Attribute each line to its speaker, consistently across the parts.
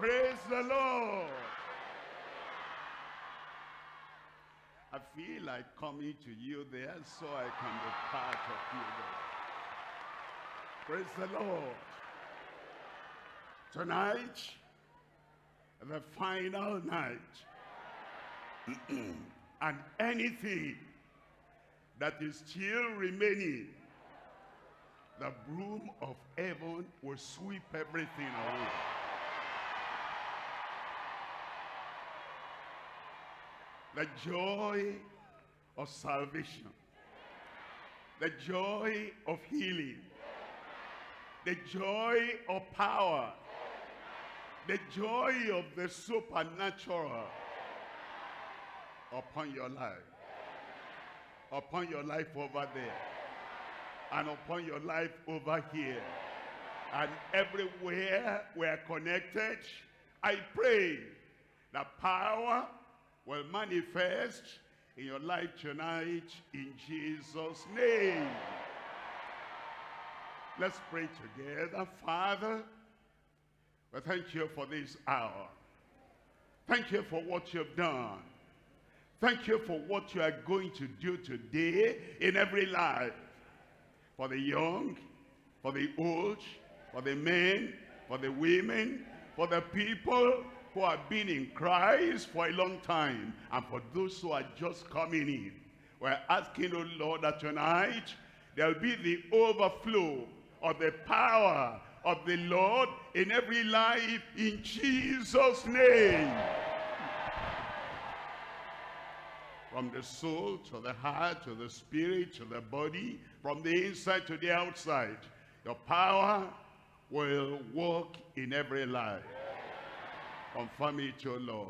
Speaker 1: Praise the Lord. I feel like coming to you there so I can be part of you there. Praise the Lord. Tonight, the final night. and anything that is still remaining, the broom of heaven will sweep everything away. The joy of salvation. The joy of healing. The joy of power. The joy of the supernatural upon your life. Upon your life over there. And upon your life over here. And everywhere we are connected, I pray the power will manifest in your life tonight in Jesus' name. Let's pray together. Father, we thank you for this hour. Thank you for what you've done. Thank you for what you are going to do today in every life. For the young, for the old, for the men, for the women, for the people, who have been in Christ for a long time and for those who are just coming in. We're asking, oh Lord, that tonight there'll be the overflow of the power of the Lord in every life in Jesus' name. From the soul to the heart to the spirit to the body, from the inside to the outside, your power will work in every life. Confirm it, O Lord.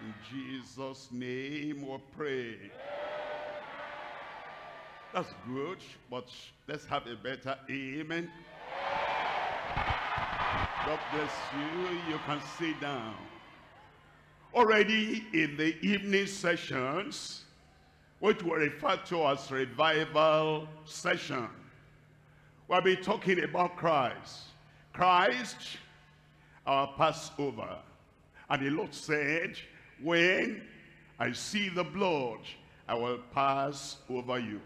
Speaker 1: In Jesus' name we pray. That's good, but let's have a better amen. God bless you. You can sit down. Already in the evening sessions, which we refer to as revival session, we'll be talking about Christ. Christ, our Passover. And the Lord said, when I see the blood, I will pass over you.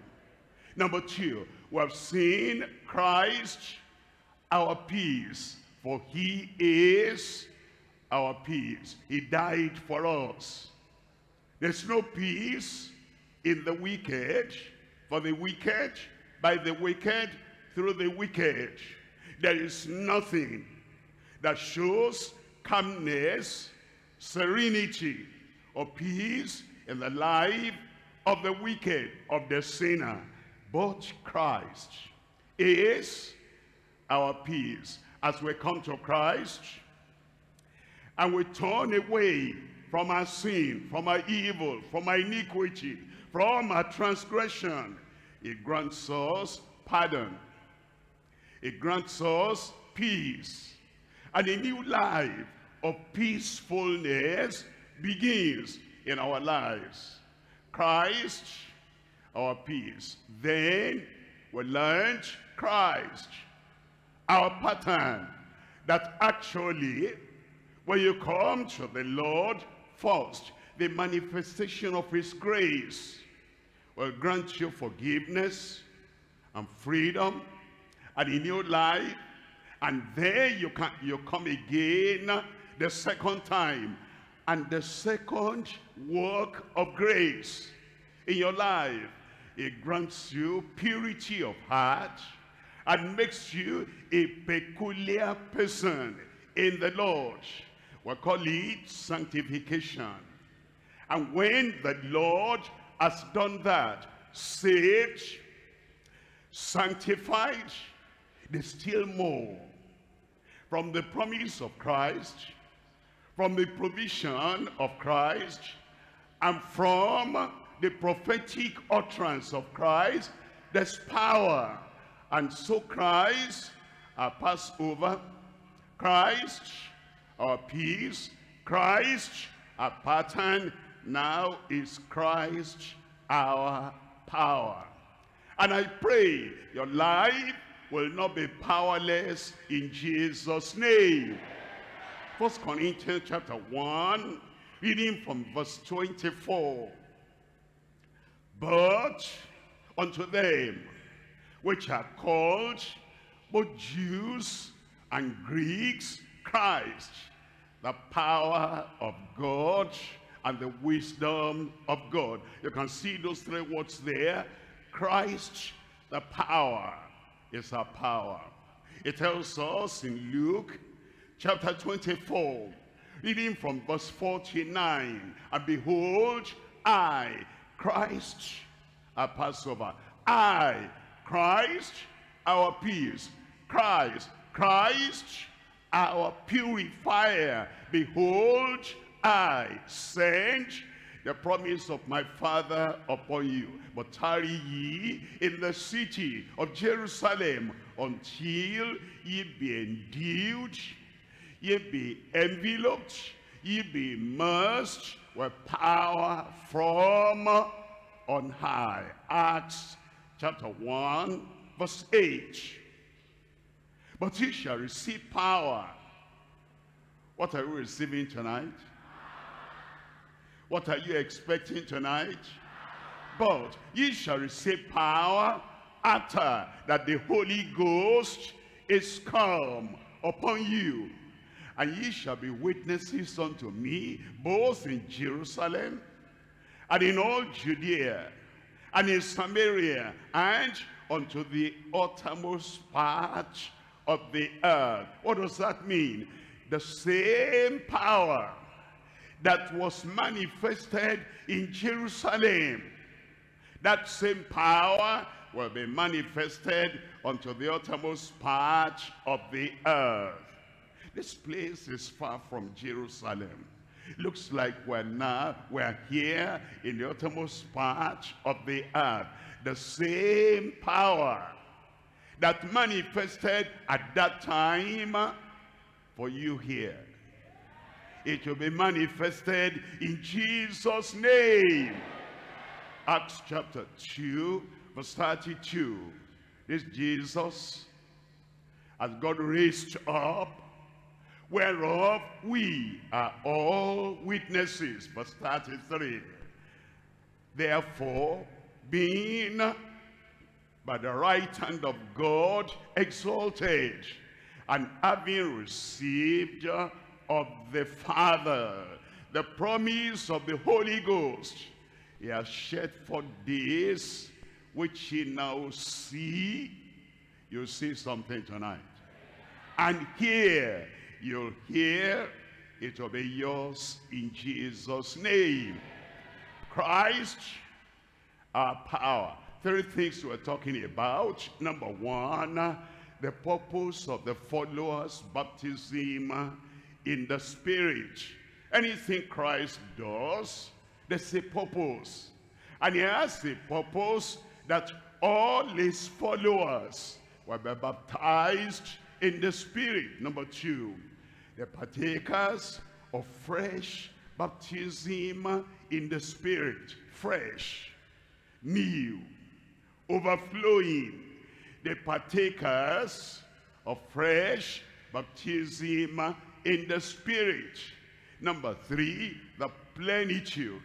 Speaker 1: Number two, we have seen Christ, our peace, for he is our peace. He died for us. There's no peace in the wicked, for the wicked, by the wicked, through the wicked. There is nothing that shows calmness serenity or peace in the life of the wicked, of the sinner. But Christ is our peace. As we come to Christ and we turn away from our sin, from our evil, from our iniquity, from our transgression, it grants us pardon. It grants us peace and a new life of peacefulness begins in our lives. Christ, our peace. Then we learn Christ, our pattern, that actually when you come to the Lord first, the manifestation of his grace will grant you forgiveness and freedom and a new life. And there you, can, you come again the second time. And the second work of grace in your life, it grants you purity of heart and makes you a peculiar person in the Lord. We call it sanctification. And when the Lord has done that, saved, sanctified, there's still more. From the promise of Christ, from the provision of Christ and from the prophetic utterance of Christ, there's power. And so Christ, our Passover, Christ, our peace, Christ, our pattern, now is Christ, our power. And I pray your life will not be powerless in Jesus' name. First Corinthians chapter 1, reading from verse 24. But unto them which are called both Jews and Greeks, Christ, the power of God and the wisdom of God. You can see those three words there. Christ, the power, is our power. It tells us in Luke chapter 24, reading from verse 49. And behold, I, Christ, our Passover. I, Christ, our peace. Christ, Christ, our purifier. Behold, I send the promise of my father upon you. But tarry ye in the city of Jerusalem until ye be endued Ye be enveloped, ye be immersed with power from on high. Acts chapter 1 verse 8. But ye shall receive power. What are you receiving tonight? What are you expecting tonight? But ye shall receive power after that the Holy Ghost is come upon you. And ye shall be witnesses unto me, both in Jerusalem and in all Judea and in Samaria and unto the uttermost part of the earth. What does that mean? The same power that was manifested in Jerusalem. That same power will be manifested unto the uttermost part of the earth. This place is far from Jerusalem. Looks like we're now, we're here in the uttermost part of the earth. The same power that manifested at that time for you here. It will be manifested in Jesus' name. Acts chapter 2, verse 32. This Jesus, as God raised up whereof we are all witnesses. Verse 33. Therefore, being by the right hand of God exalted, and having received of the Father the promise of the Holy Ghost, he has shed for this which he now see. You see something tonight. And here you'll hear, it will be yours in Jesus' name. Christ, our power. Three things we're talking about. Number one, the purpose of the followers' baptism in the Spirit. Anything Christ does, there's a purpose. And he has a purpose that all his followers will be baptized in the Spirit. Number two, the partakers of fresh baptism in the Spirit. Fresh, new, overflowing. The partakers of fresh baptism in the Spirit. Number three, the plenitude.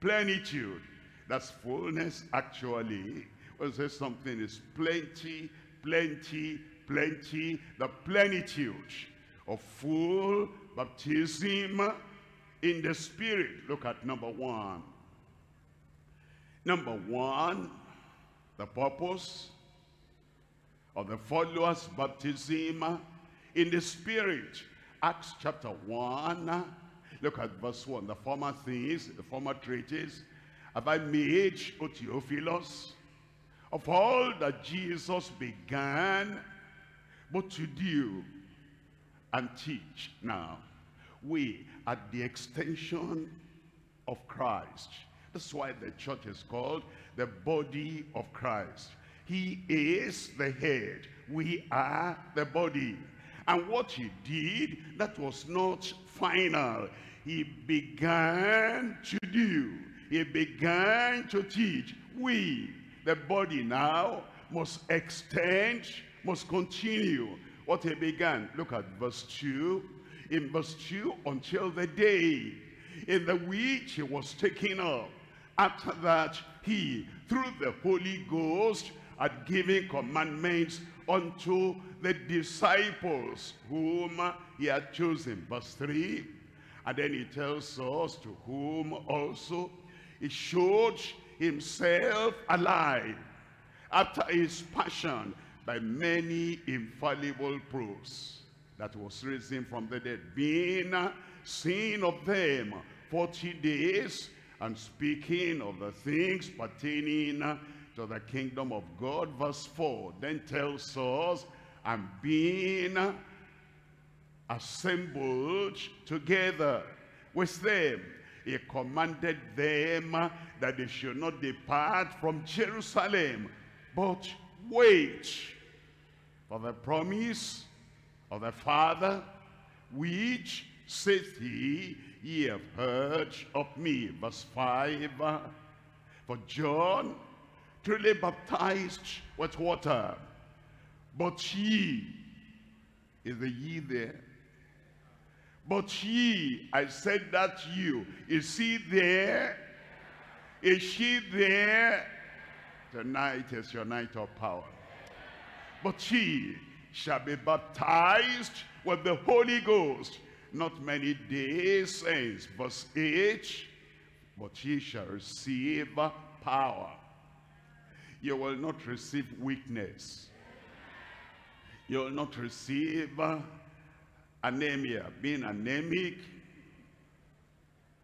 Speaker 1: Plenitude. That's fullness actually. when say something is plenty, plenty, plenty. The plenitude of full baptism in the Spirit. Look at number one. Number one, the purpose of the followers' baptism in the Spirit. Acts chapter 1, look at verse 1. The former things, the former treaties, have I made, O Theophilus, of all that Jesus began, but to do and teach now. We are the extension of Christ. That's why the church is called the body of Christ. He is the head. We are the body. And what he did, that was not final. He began to do. He began to teach. We, the body now, must extend, must continue what he began. Look at verse 2. In verse 2, until the day in the which he was taken up. After that, he, through the Holy Ghost, had given commandments unto the disciples whom he had chosen. Verse 3. And then he tells us to whom also he showed himself alive after his passion by many infallible proofs that was risen from the dead, being seen of them 40 days and speaking of the things pertaining to the kingdom of God. Verse 4 then tells us, and being assembled together with them, he commanded them that they should not depart from Jerusalem, but wait for the promise of the Father, which saith he, ye have heard of me. Verse 5, for John truly baptized with water, but ye, is the ye there? But ye, I said that you, is he there? Is she there? Tonight is your night of power. But ye shall be baptized with the Holy Ghost not many days since. Verse 8, but ye shall receive power. You will not receive weakness. You will not receive anemia, being anemic,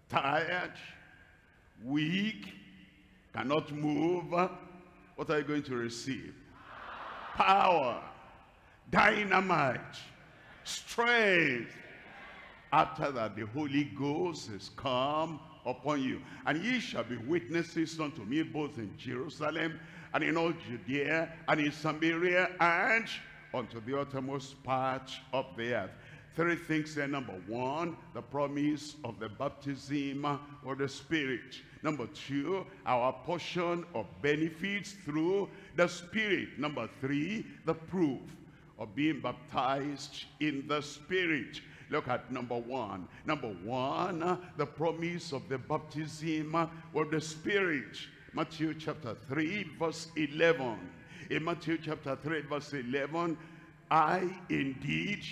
Speaker 1: tired, weak, cannot move. What are you going to receive? power, dynamite, strength. After that, the Holy Ghost has come upon you. And ye shall be witnesses unto me both in Jerusalem and in all Judea and in Samaria and unto the uttermost part of the earth. Three things there. Number one, the promise of the baptism of the Spirit. Number two, our portion of benefits through the Spirit. Number three, the proof of being baptized in the Spirit. Look at number one. Number one, the promise of the baptism of the Spirit. Matthew chapter 3, verse 11. In Matthew chapter 3, verse 11, I indeed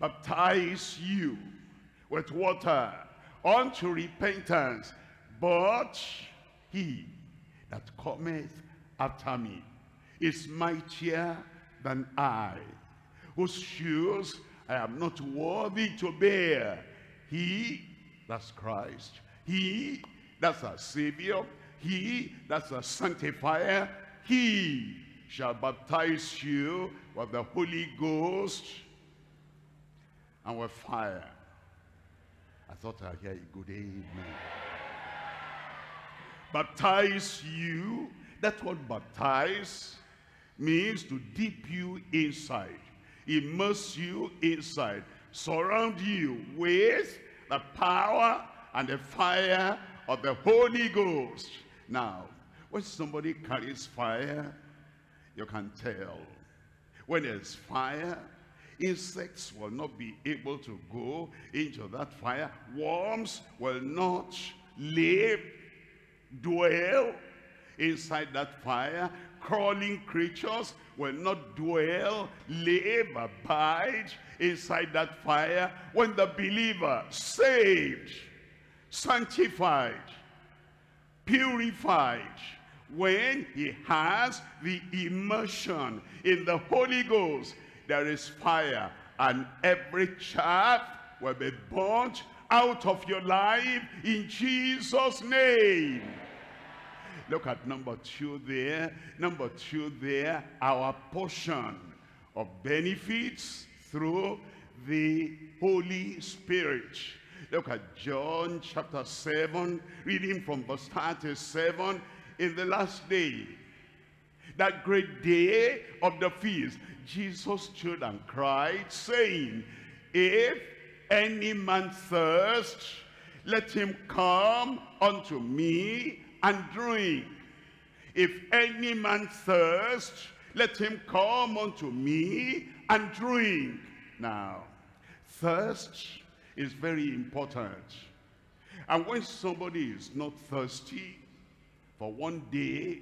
Speaker 1: baptize you with water unto repentance, but he that cometh after me is mightier than I, whose shoes I am not worthy to bear. He, that's Christ, he, that's our Savior, he, that's our sanctifier, he shall baptize you with the Holy Ghost and with fire. I thought I hear a good amen. Baptize you that what baptize means to dip you inside, immerse you inside, surround you with the power and the fire of the Holy Ghost. Now, when somebody carries fire, you can tell. When there's fire, insects will not be able to go into that fire. Worms will not live, dwell inside that fire crawling creatures will not dwell, live, abide inside that fire when the believer saved, sanctified, purified, when he has the immersion in the Holy Ghost, there is fire and every chaff will be burnt out of your life in Jesus' name. Look at number two there. Number two there, our portion of benefits through the Holy Spirit. Look at John chapter 7, reading from verse 37. In the last day, that great day of the feast, Jesus stood and cried, saying, If any man thirst, let him come unto me and drink. If any man thirst, let him come unto me and drink. Now, thirst is very important. And when somebody is not thirsty for one day,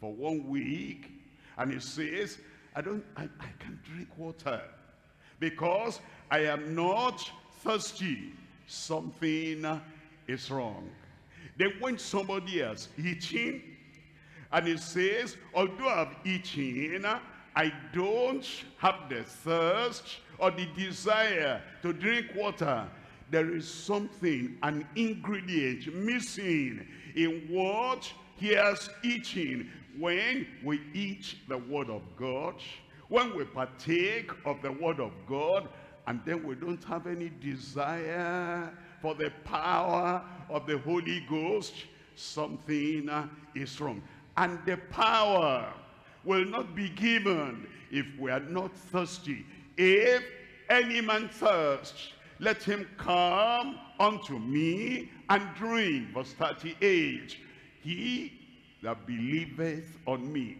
Speaker 1: for one week, and he says, I don't, I, I can drink water because I am not thirsty. Something is wrong. Then when somebody else eating, and he says, although I've eaten, I don't have the thirst or the desire to drink water. There is something, an ingredient missing in what he has eating. When we eat the word of God, when we partake of the word of God, and then we don't have any desire for the power of the Holy Ghost, something uh, is wrong. And the power will not be given if we are not thirsty. If any man thirst, let him come unto me and drink. Verse 38. He that believeth on me,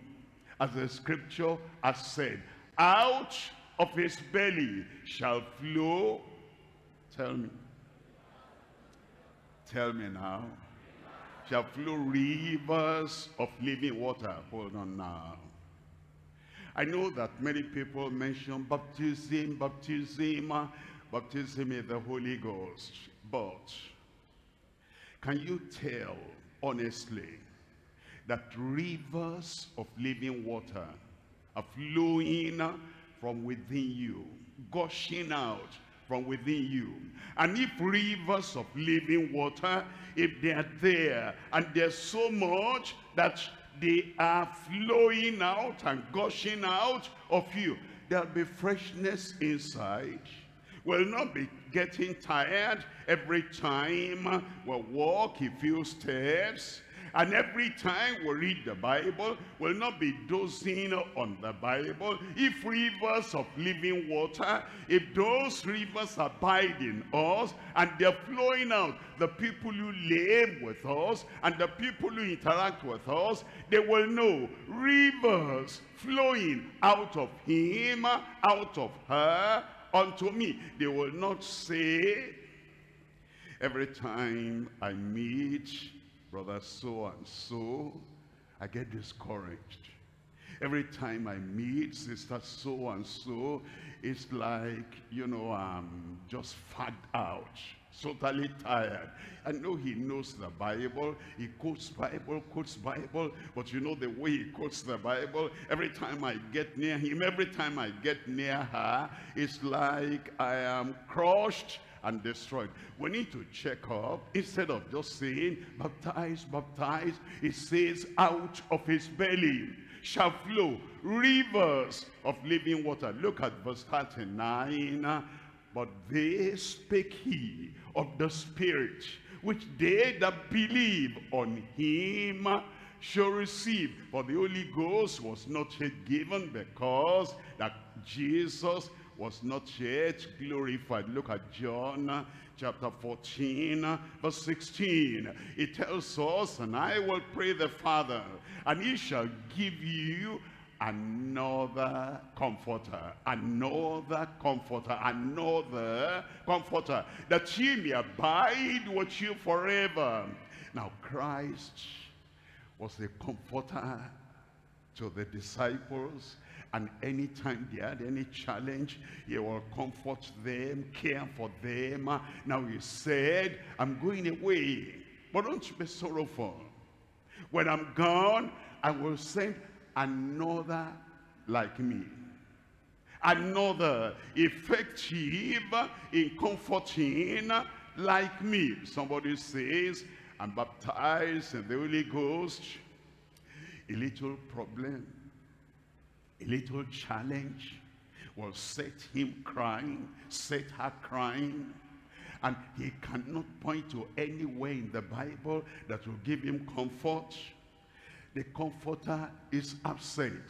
Speaker 1: as the scripture has said, out of his belly shall flow, tell me, Tell me now. Shall flow rivers of living water. Hold on now. I know that many people mention baptism, baptism, uh, baptism in the Holy Ghost. But can you tell honestly that rivers of living water are flowing uh, from within you, gushing out from within you. And if rivers of living water, if they are there, and there's so much that they are flowing out and gushing out of you, there'll be freshness inside. We'll not be getting tired every time we we'll walk a few steps and every time we read the Bible, we'll not be dozing on the Bible. If rivers of living water, if those rivers abide in us and they're flowing out, the people who live with us and the people who interact with us, they will know rivers flowing out of him, out of her, unto me. They will not say, every time I meet brother so and so, I get discouraged. Every time I meet sister so and so, it's like, you know, I'm just fagged out, totally tired. I know he knows the Bible, he quotes Bible, quotes Bible, but you know the way he quotes the Bible, every time I get near him, every time I get near her, it's like I am crushed and destroyed. We need to check up. Instead of just saying, baptize, baptize, it says out of his belly shall flow rivers of living water. Look at verse 39. But they spake he of the Spirit, which they that believe on him shall receive. For the Holy Ghost was not yet given because that Jesus was not yet glorified. Look at John chapter 14 verse 16. It tells us, and I will pray the Father, and he shall give you another comforter, another comforter, another comforter, that ye may abide with you forever. Now Christ was the comforter to the disciples and anytime they had any challenge, he will comfort them, care for them. Now he said, I'm going away, but don't be sorrowful. When I'm gone, I will send another like me. Another effective in comforting like me. Somebody says, I'm baptized in the Holy Ghost. A little problem a little challenge will set him crying, set her crying. And he cannot point to anywhere in the Bible that will give him comfort. The comforter is absent.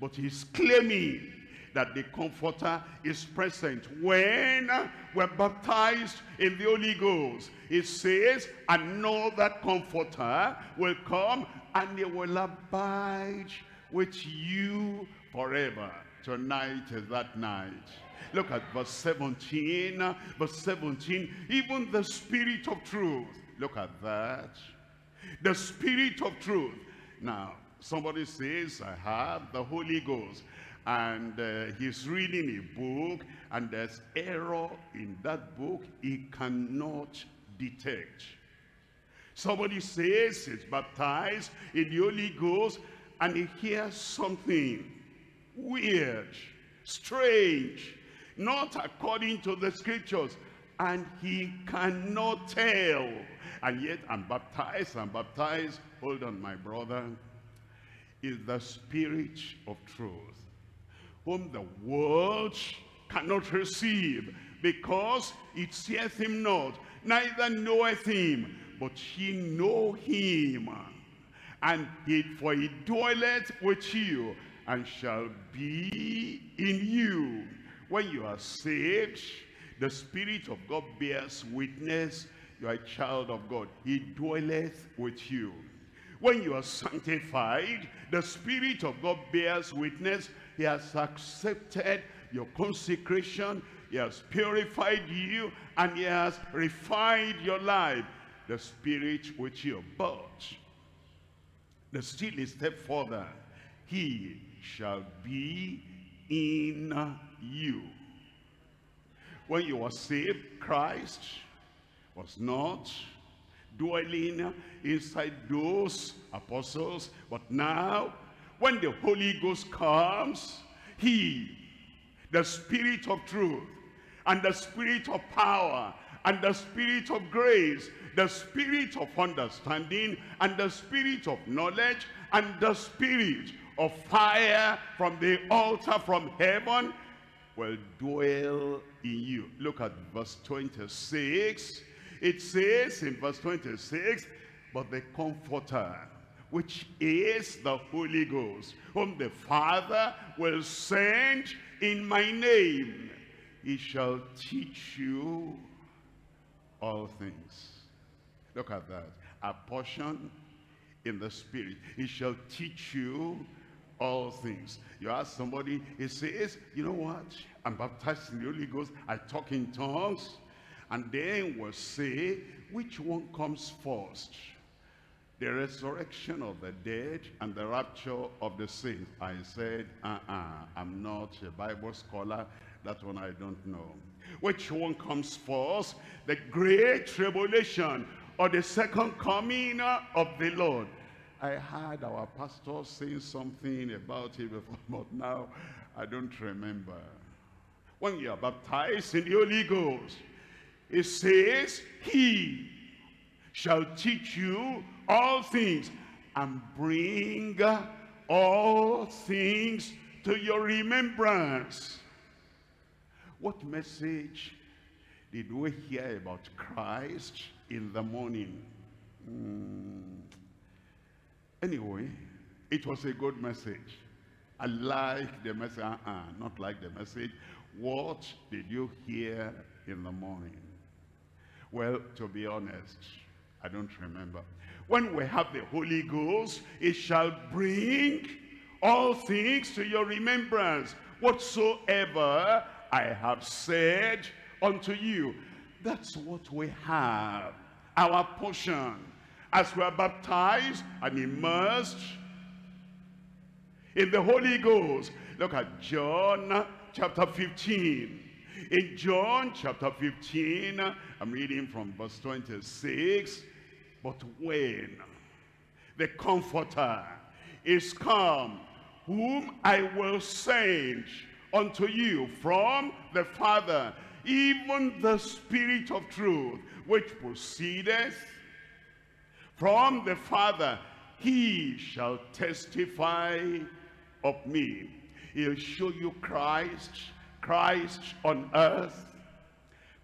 Speaker 1: But he's claiming that the comforter is present when we're baptized in the Holy Ghost. It says, and know that comforter will come and he will abide with you forever. Tonight is that night. Look at verse 17. Verse 17, even the spirit of truth. Look at that. The spirit of truth. Now, somebody says, I have the Holy Ghost. And uh, he's reading a book and there's error in that book he cannot detect. Somebody says he's baptized in the Holy Ghost and he hears something weird, strange, not according to the scriptures, and he cannot tell. And yet I'm baptized, I'm baptized. Hold on, my brother. Is the spirit of truth, whom the world cannot receive, because it seeth him not, neither knoweth him, but ye know him and it, for he dwelleth with you, and shall be in you. When you are saved, the Spirit of God bears witness, you are a child of God. He dwelleth with you. When you are sanctified, the Spirit of God bears witness. He has accepted your consecration. He has purified you and he has refined your life. The Spirit with you. But there's still a step further. He shall be in you. When you were saved, Christ was not dwelling inside those apostles. But now, when the Holy Ghost comes, he, the Spirit of truth, and the Spirit of power, and the spirit of grace, the spirit of understanding, and the spirit of knowledge, and the spirit of fire from the altar from heaven will dwell in you. Look at verse 26. It says in verse 26, But the Comforter, which is the Holy Ghost, whom the Father will send in my name, he shall teach you all things. Look at that. A portion in the spirit. He shall teach you all things. You ask somebody, he says, you know what? I'm baptized in the Holy Ghost. I talk in tongues. And then we'll say, which one comes first? The resurrection of the dead and the rapture of the saints. I said, uh-uh, I'm not a Bible scholar. That one I don't know. Which one comes first? The great tribulation or the second coming of the Lord? I heard our pastor saying something about it before, but now I don't remember. When you are baptized in the Holy Ghost, it says, He shall teach you all things and bring all things to your remembrance. What message did we hear about Christ in the morning? Mm. Anyway, it was a good message. I like the message. Uh -uh, not like the message. What did you hear in the morning? Well, to be honest, I don't remember. When we have the Holy Ghost, it shall bring all things to your remembrance, whatsoever I have said unto you. That's what we have, our portion. As we are baptized and immersed in the Holy Ghost. Look at John chapter 15. In John chapter 15, I'm reading from verse 26. But when the Comforter is come, whom I will send unto you from the Father, even the Spirit of truth, which proceedeth from the Father. He shall testify of me. He'll show you Christ, Christ on earth,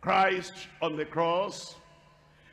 Speaker 1: Christ on the cross,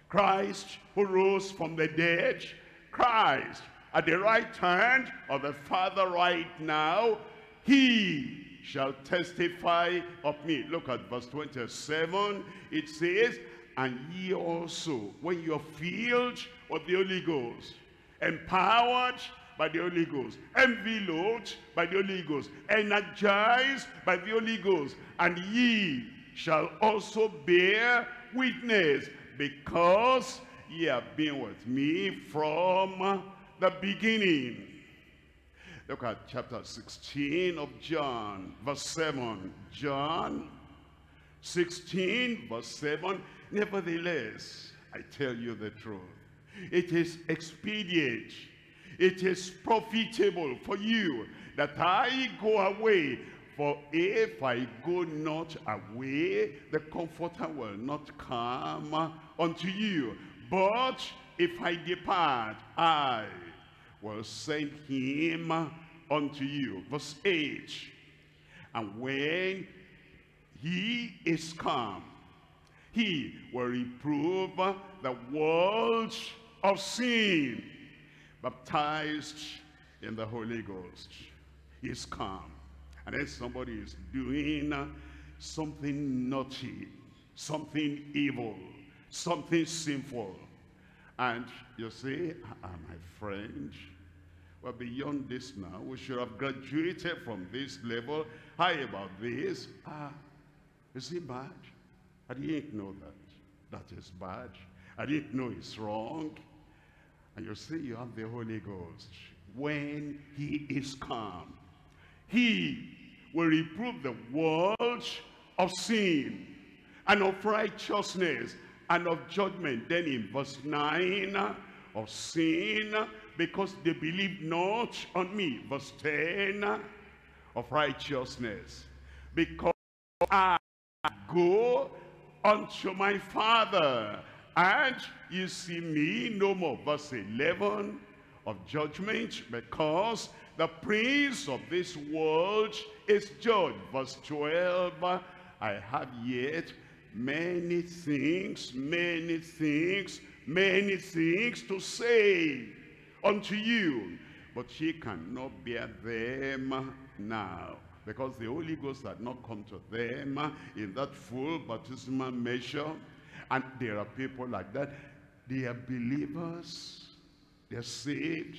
Speaker 1: Christ who rose from the dead, Christ at the right hand of the Father right now. He shall testify of me. Look at verse 27. It says, and ye also, when you're filled with the Holy Ghost, empowered by the Holy Ghost, enveloped by the Holy Ghost, energized by the Holy Ghost, and ye shall also bear witness, because ye have been with me from the beginning. Look at chapter 16 of John, verse 7. John 16, verse 7. Nevertheless, I tell you the truth. It is expedient. It is profitable for you that I go away. For if I go not away, the comforter will not come unto you. But if I depart, I will send him unto you. Verse 8. And when he is come, he will reprove the world of sin, baptized in the Holy Ghost. He's come. And then somebody is doing something naughty, something evil, something sinful. And you say, ah, ah my friend, we're beyond this now. We should have graduated from this level. How about this? Ah, is it bad? I didn't know that. That is bad. I didn't know it's wrong. And you see, you have the Holy Ghost. When he is calm, he will reprove the world of sin and of righteousness and of judgment. Then in verse 9, of sin because they believe not on me. Verse 10 of righteousness. Because I go unto my father and you see me no more. Verse 11 of judgment because the prince of this world is judged. Verse 12, I have yet many things, many things, many things to say unto you. But she cannot bear them now because the Holy Ghost had not come to them in that full baptismal measure. And there are people like that. They are believers. They're saved.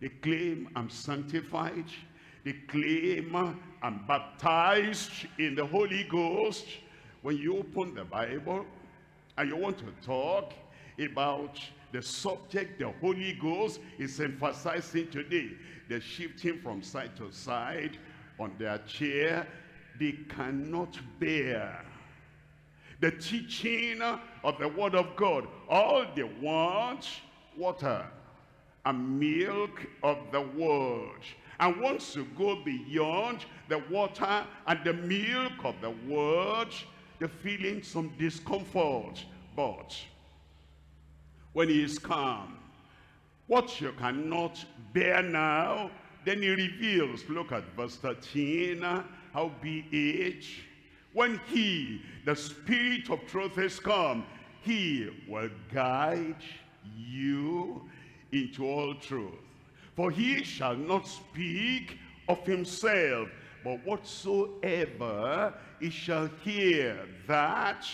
Speaker 1: They claim I'm sanctified. They claim I'm baptized in the Holy Ghost. When you open the Bible and you want to talk about the subject, the Holy Ghost, is emphasizing today. They're shifting from side to side on their chair. They cannot bear the teaching of the Word of God. All they want, water and milk of the Word and wants to go beyond the water and the milk of the word, they're feeling some discomfort. But when he is come, What you cannot bear now, then he reveals. Look at verse 13. How be it? When he, the spirit of truth is come, he will guide you into all truth. For he shall not speak of himself, but whatsoever he shall hear, that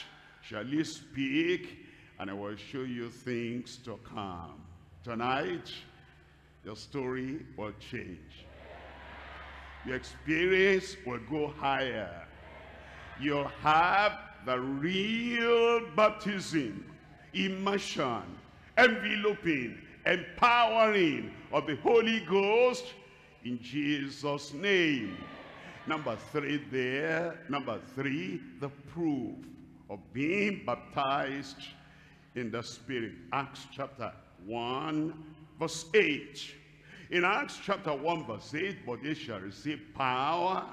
Speaker 1: shall he speak and I will show you things to come. Tonight, your story will change. Your experience will go higher. You'll have the real baptism, immersion, enveloping, empowering of the Holy Ghost in Jesus' name. Number three there, number three, the proof of being baptized in the spirit. Acts chapter 1 verse 8. In Acts chapter 1 verse 8, but they shall receive power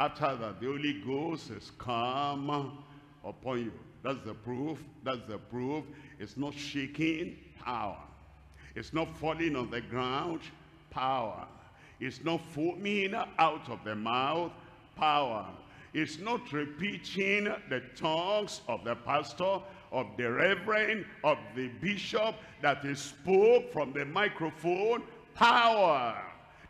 Speaker 1: after that the Holy Ghost has come upon you. That's the proof. That's the proof. It's not shaking power. It's not falling on the ground power. It's not foaming out of the mouth power. It's not repeating the tongues of the pastor of the reverend, of the bishop that he spoke from the microphone, power.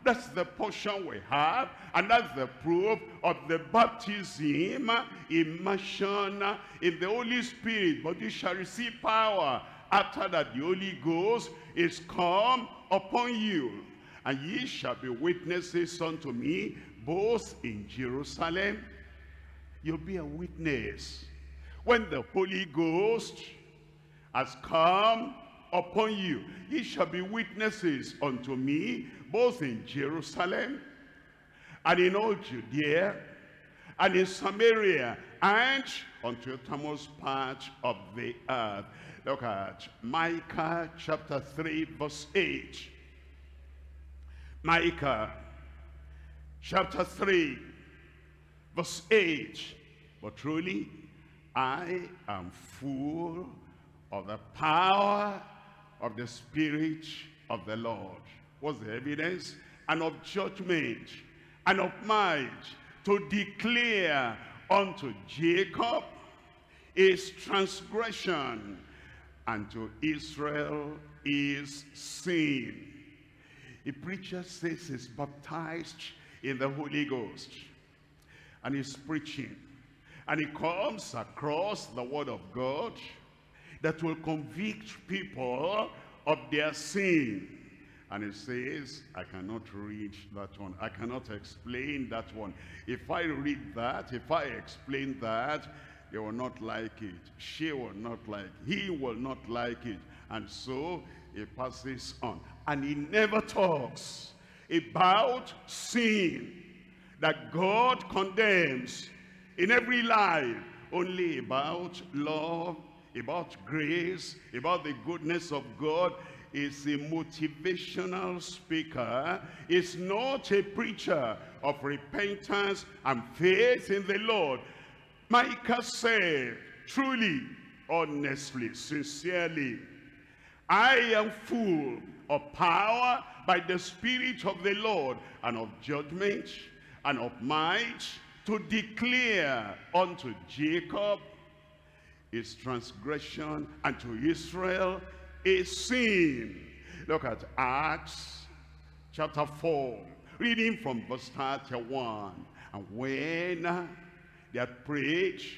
Speaker 1: That's the portion we have, and that's the proof of the baptism, immersion in the Holy Spirit. But you shall receive power after that the Holy Ghost is come upon you. And ye shall be witnesses unto me, both in Jerusalem. You'll be a witness when the Holy Ghost has come upon you, ye shall be witnesses unto me, both in Jerusalem and in all Judea and in Samaria and unto the uttermost part of the earth. Look at Micah chapter 3 verse 8. Micah chapter 3 verse 8. But truly I am full of the power of the Spirit of the Lord. What's the evidence? And of judgment and of might to declare unto Jacob his transgression and to Israel his sin. A preacher says he's baptized in the Holy Ghost and he's preaching and it comes across the word of God that will convict people of their sin. And it says, I cannot read that one. I cannot explain that one. If I read that, if I explain that, they will not like it. She will not like it. He will not like it. And so he passes on. And he never talks about sin that God condemns in every life only about love, about grace, about the goodness of God. Is a motivational speaker. Is not a preacher of repentance and faith in the Lord. Micah said, truly, honestly, sincerely, I am full of power by the Spirit of the Lord and of judgment and of might to declare unto Jacob his transgression and to Israel a sin. Look at Acts chapter 4, reading from verse 31. And when they had preached,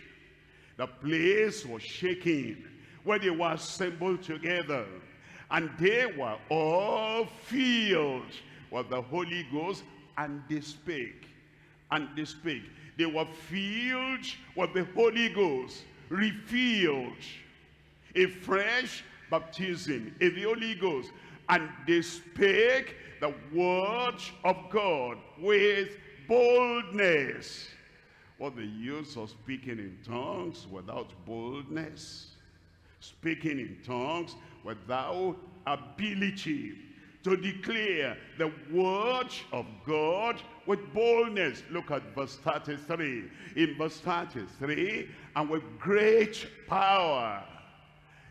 Speaker 1: the place was shaking where they were assembled together. And they were all filled with the Holy Ghost and they spake. And they spake they were filled with the Holy Ghost, refilled, a fresh baptism in the Holy Ghost. And they spake the word of God with boldness. What the use of speaking in tongues without boldness? Speaking in tongues without ability to declare the word of God with boldness. Look at verse 33. In verse 33, and with great power.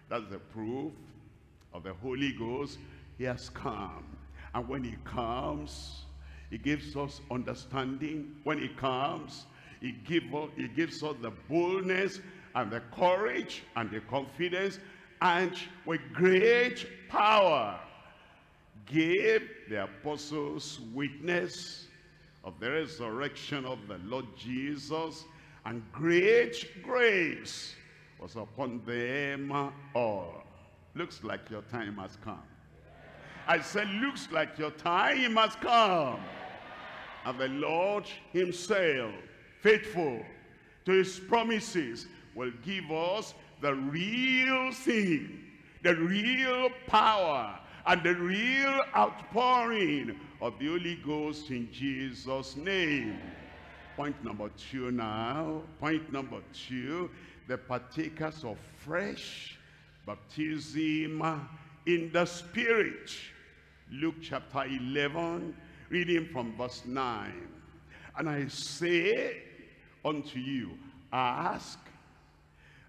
Speaker 1: That's the proof of the Holy Ghost. He has come. And when he comes, he gives us understanding. When he comes, he, give he gives us the boldness and the courage and the confidence and with great power gave the apostles witness of the resurrection of the Lord Jesus, and great grace was upon them all. Looks like your time has come. I said, looks like your time has come. And the Lord himself, faithful to his promises, will give us the real thing, the real power, and the real outpouring of the Holy Ghost in Jesus' name. Point number two now. Point number two, the partakers of fresh baptism in the Spirit. Luke chapter 11, reading from verse 9. And I say unto you, ask,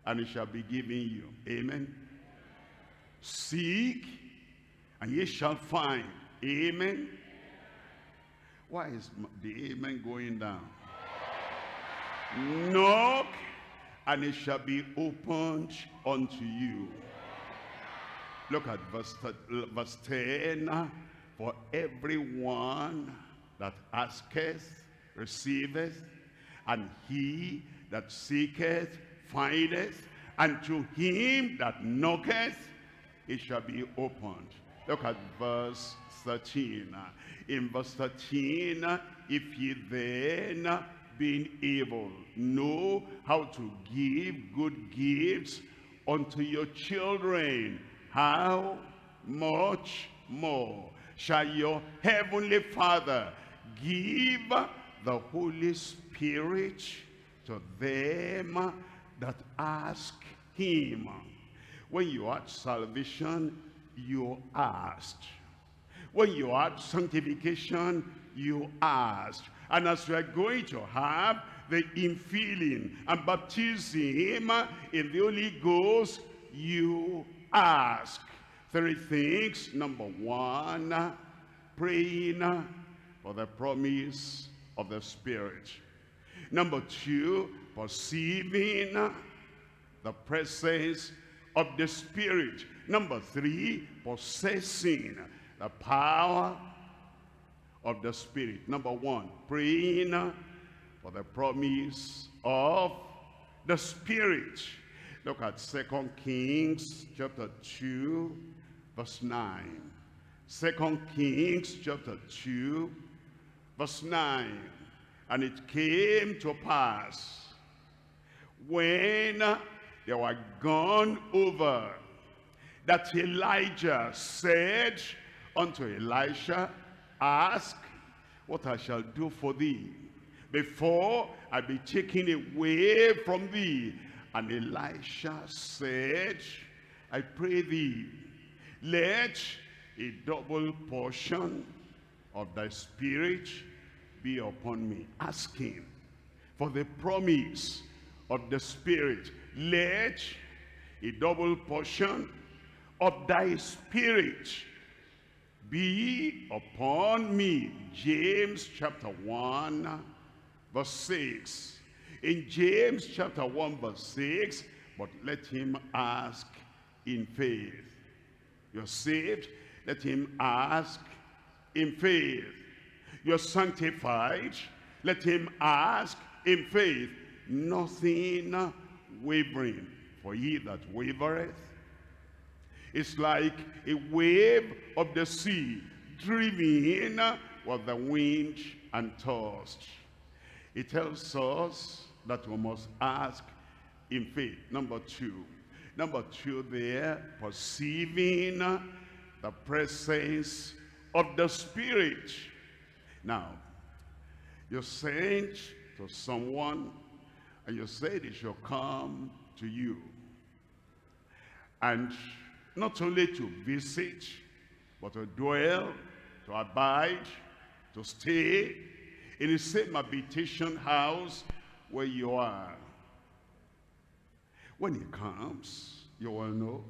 Speaker 1: and it shall be given you. Amen. Seek, and ye shall find. Amen. Why is the amen going down? Knock, and it shall be opened unto you. Look at verse, verse 10. For everyone that asketh, receiveth, and he that seeketh, findeth, and to him that knocketh, it shall be opened. Look at verse 13. In verse 13, if ye then, being able, know how to give good gifts unto your children, how much more shall your heavenly Father give the Holy Spirit to them that ask him. When you ask salvation, you asked. When you had sanctification, you asked. And as you are going to have the infilling and baptism in the Holy Ghost, you ask. Three things. Number one, praying for the promise of the Spirit. Number two, perceiving the presence of the Spirit. Number three, possessing the power of the Spirit. Number one, praying for the promise of the Spirit. Look at Second Kings chapter 2, verse 9. 2 Kings chapter 2, verse 9. And it came to pass when they were gone over that Elijah said unto Elisha, Ask what I shall do for thee before I be taken away from thee. And Elisha said, I pray thee, let a double portion of thy spirit be upon me. Ask him for the promise of the spirit. Let a double portion of thy spirit be upon me. James chapter 1 verse 6. In James chapter 1 verse 6, but let him ask in faith. You're saved, let him ask in faith. You're sanctified, let him ask in faith. Nothing wavering, for he that wavereth it's like a wave of the sea driven with the wind and tossed. It tells us that we must ask in faith. Number two. Number two there, perceiving the presence of the Spirit. Now, you sent to someone and you said it shall come to you. And not only to visit, but to dwell, to abide, to stay in the same habitation house where you are. When he comes, you will know.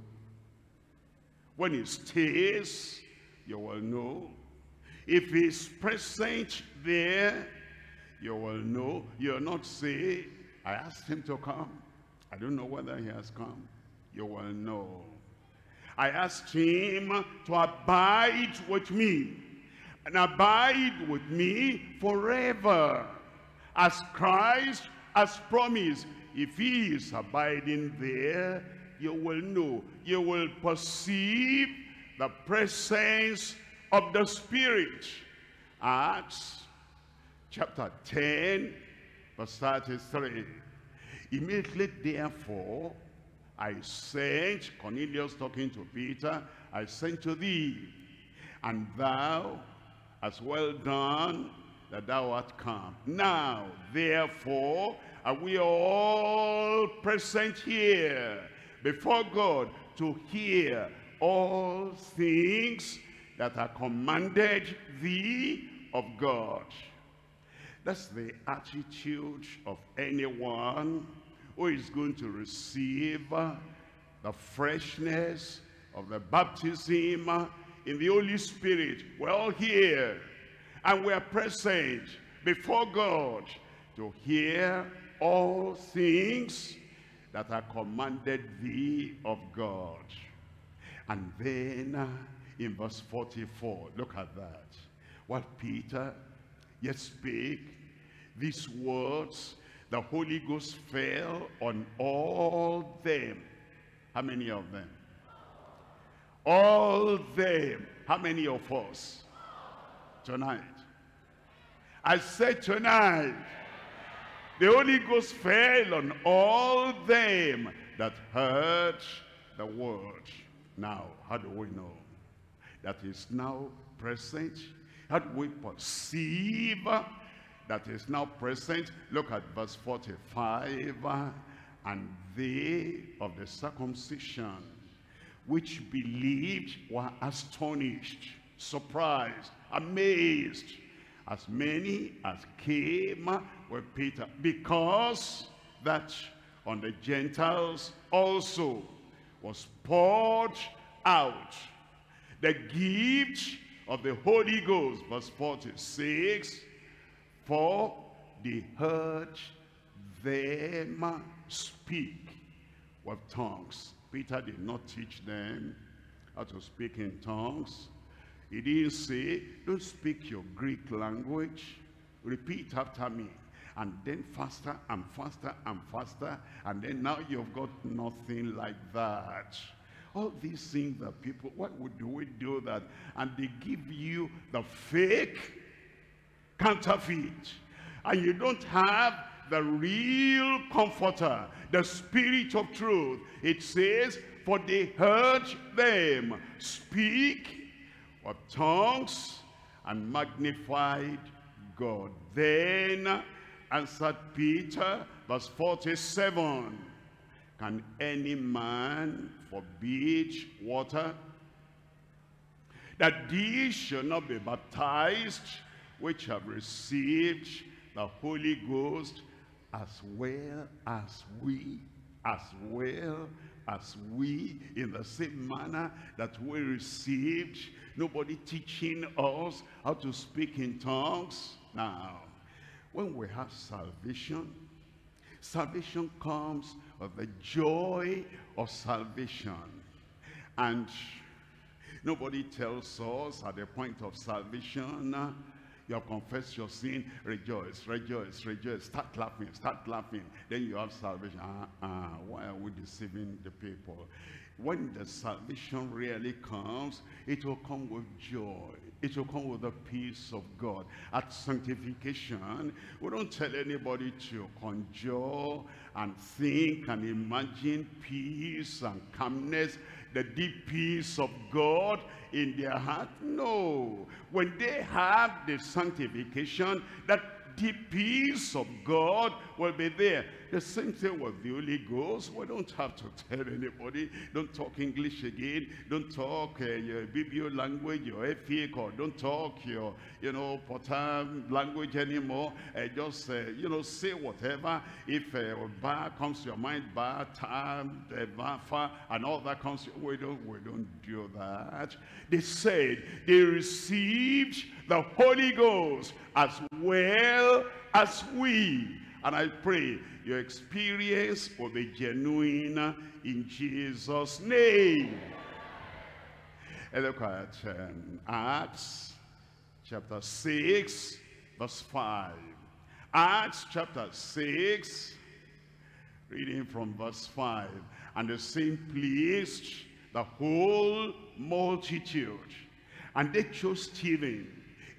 Speaker 1: When he stays, you will know. If he's present there, you will know. You'll not say, I asked him to come. I don't know whether he has come. You will know. I asked him to abide with me and abide with me forever as Christ has promised. If he is abiding there, you will know, you will perceive the presence of the Spirit. Acts chapter 10, verse 33. Immediately therefore, I sent, Cornelius talking to Peter, I sent to thee, and thou as well done that thou art come. Now, therefore, are we all present here before God to hear all things that are commanded thee of God. That's the attitude of anyone who is going to receive uh, the freshness of the baptism uh, in the Holy Spirit. We're all here and we're present before God to hear all things that are commanded thee of God. And then uh, in verse 44, look at that. What Peter yet spake these words the Holy Ghost fell on all them. How many of them? All them. How many of us? Tonight. I said tonight, the Holy Ghost fell on all them that heard the word. Now, how do we know? That is now present. How do we perceive that is now present. Look at verse 45. And they of the circumcision which believed were astonished, surprised, amazed, as many as came with Peter, because that on the Gentiles also was poured out the gift of the Holy Ghost, verse 46, for they heard them speak with tongues. Peter did not teach them how to speak in tongues. He didn't say, don't speak your Greek language. Repeat after me. And then faster and faster and faster. And then now you've got nothing like that. All these things that people, what would we do that? And they give you the fake counterfeit. And you don't have the real comforter, the spirit of truth. It says, for they heard them speak of tongues and magnified God. Then answered Peter, verse 47, Can any man forbid water? That these should not be baptized which have received the Holy Ghost as well as we, as well as we, in the same manner that we received. Nobody teaching us how to speak in tongues. Now, when we have salvation, salvation comes of the joy of salvation. And nobody tells us at the point of salvation, you have confessed your sin. Rejoice, rejoice, rejoice. Start laughing, start laughing. Then you have salvation. Ah, ah, why are we deceiving the people? When the salvation really comes, it will come with joy. It will come with the peace of God. At sanctification, we don't tell anybody to conjure and think and imagine peace and calmness the deep peace of God in their heart? No. When they have the sanctification, that deep peace of God will be there. The same thing with the Holy Ghost. We don't have to tell anybody. Don't talk English again. Don't talk uh, your BBO language, your FA or Don't talk your, you know, Potam language anymore. Uh, just, uh, you know, say whatever. If uh, bar comes to your mind, bar, time, uh, bar, and all that comes, we don't, we don't do that. They said they received the Holy Ghost as well as we and I pray your experience will be genuine in Jesus' name. And look at um, Acts chapter 6, verse 5. Acts chapter 6, reading from verse 5. And the same pleased the whole multitude. And they chose Stephen,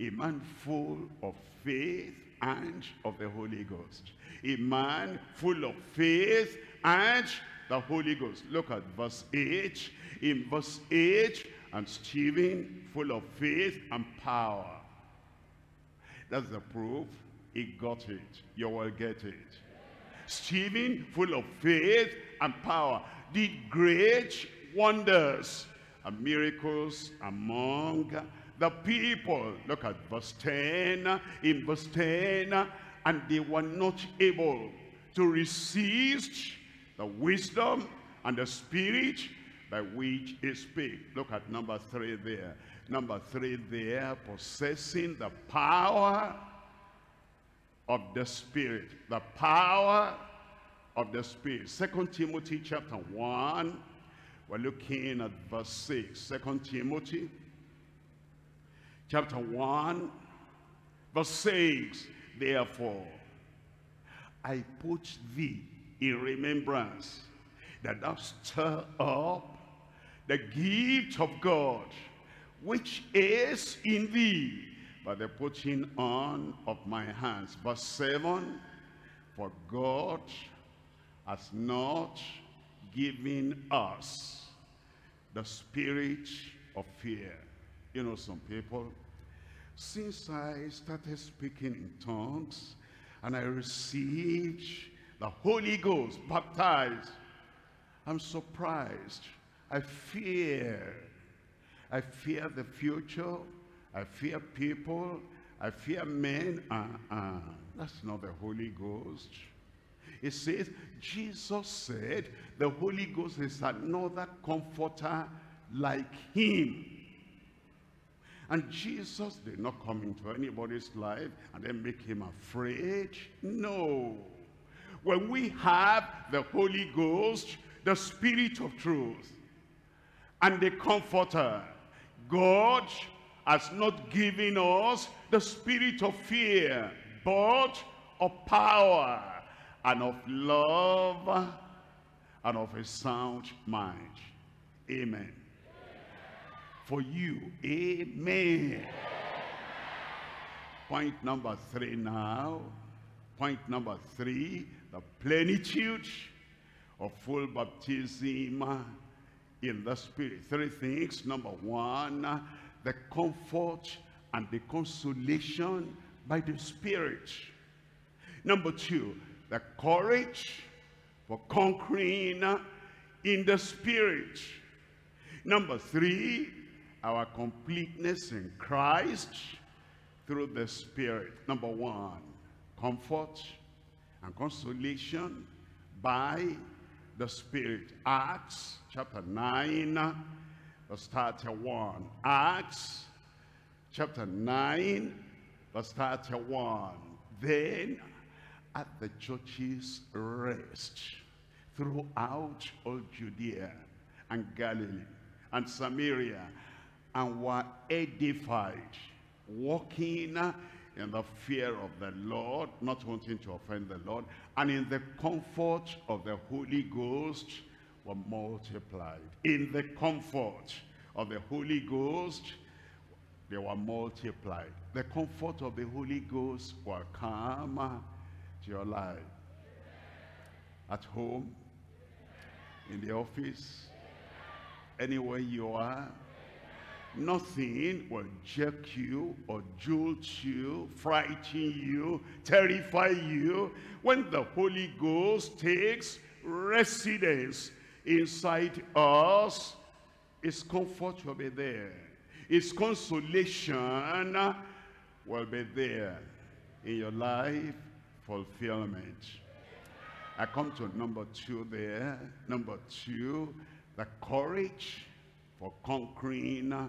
Speaker 1: a man full of faith and of the Holy Ghost. A man full of faith and the Holy Ghost. Look at verse 8. In verse 8, and Stephen full of faith and power. That's the proof. He got it. You will get it. Stephen full of faith and power. Did great wonders and miracles among the people, look at verse 10, in verse 10, and they were not able to resist the wisdom and the spirit by which he spake. Look at number three there. Number three there, possessing the power of the Spirit. The power of the Spirit. Second Timothy chapter 1, we're looking at verse 6. Second Timothy chapter 1, verse 6, Therefore, I put thee in remembrance, that thou stir up the gift of God, which is in thee, by the putting on of my hands. Verse 7, For God has not given us the spirit of fear, you know, some people, since I started speaking in tongues and I received the Holy Ghost baptized, I'm surprised. I fear. I fear the future. I fear people. I fear men. Uh -uh. That's not the Holy Ghost. It says, Jesus said, the Holy Ghost is another comforter like him and Jesus did not come into anybody's life and then make him afraid. No. When we have the Holy Ghost, the Spirit of truth, and the Comforter, God has not given us the spirit of fear, but of power and of love and of a sound mind. Amen for you. Amen. Point number three now. Point number three, the plenitude of full baptism in the Spirit. Three things. Number one, the comfort and the consolation by the Spirit. Number two, the courage for conquering in the Spirit. Number three, our completeness in Christ through the Spirit. Number one, comfort and consolation by the Spirit. Acts chapter 9, verse 31. Acts chapter 9, verse 31. Then at the church's rest throughout all Judea and Galilee and Samaria and were edified, walking in the fear of the Lord, not wanting to offend the Lord, and in the comfort of the Holy Ghost were multiplied. In the comfort of the Holy Ghost, they were multiplied. The comfort of the Holy Ghost will come to your life. At home, in the office, anywhere you are, Nothing will jerk you or jolt you, frighten you, terrify you when the Holy Ghost takes residence inside us. His comfort will be there. His consolation will be there in your life fulfillment. I come to number two there. Number two, the courage for conquering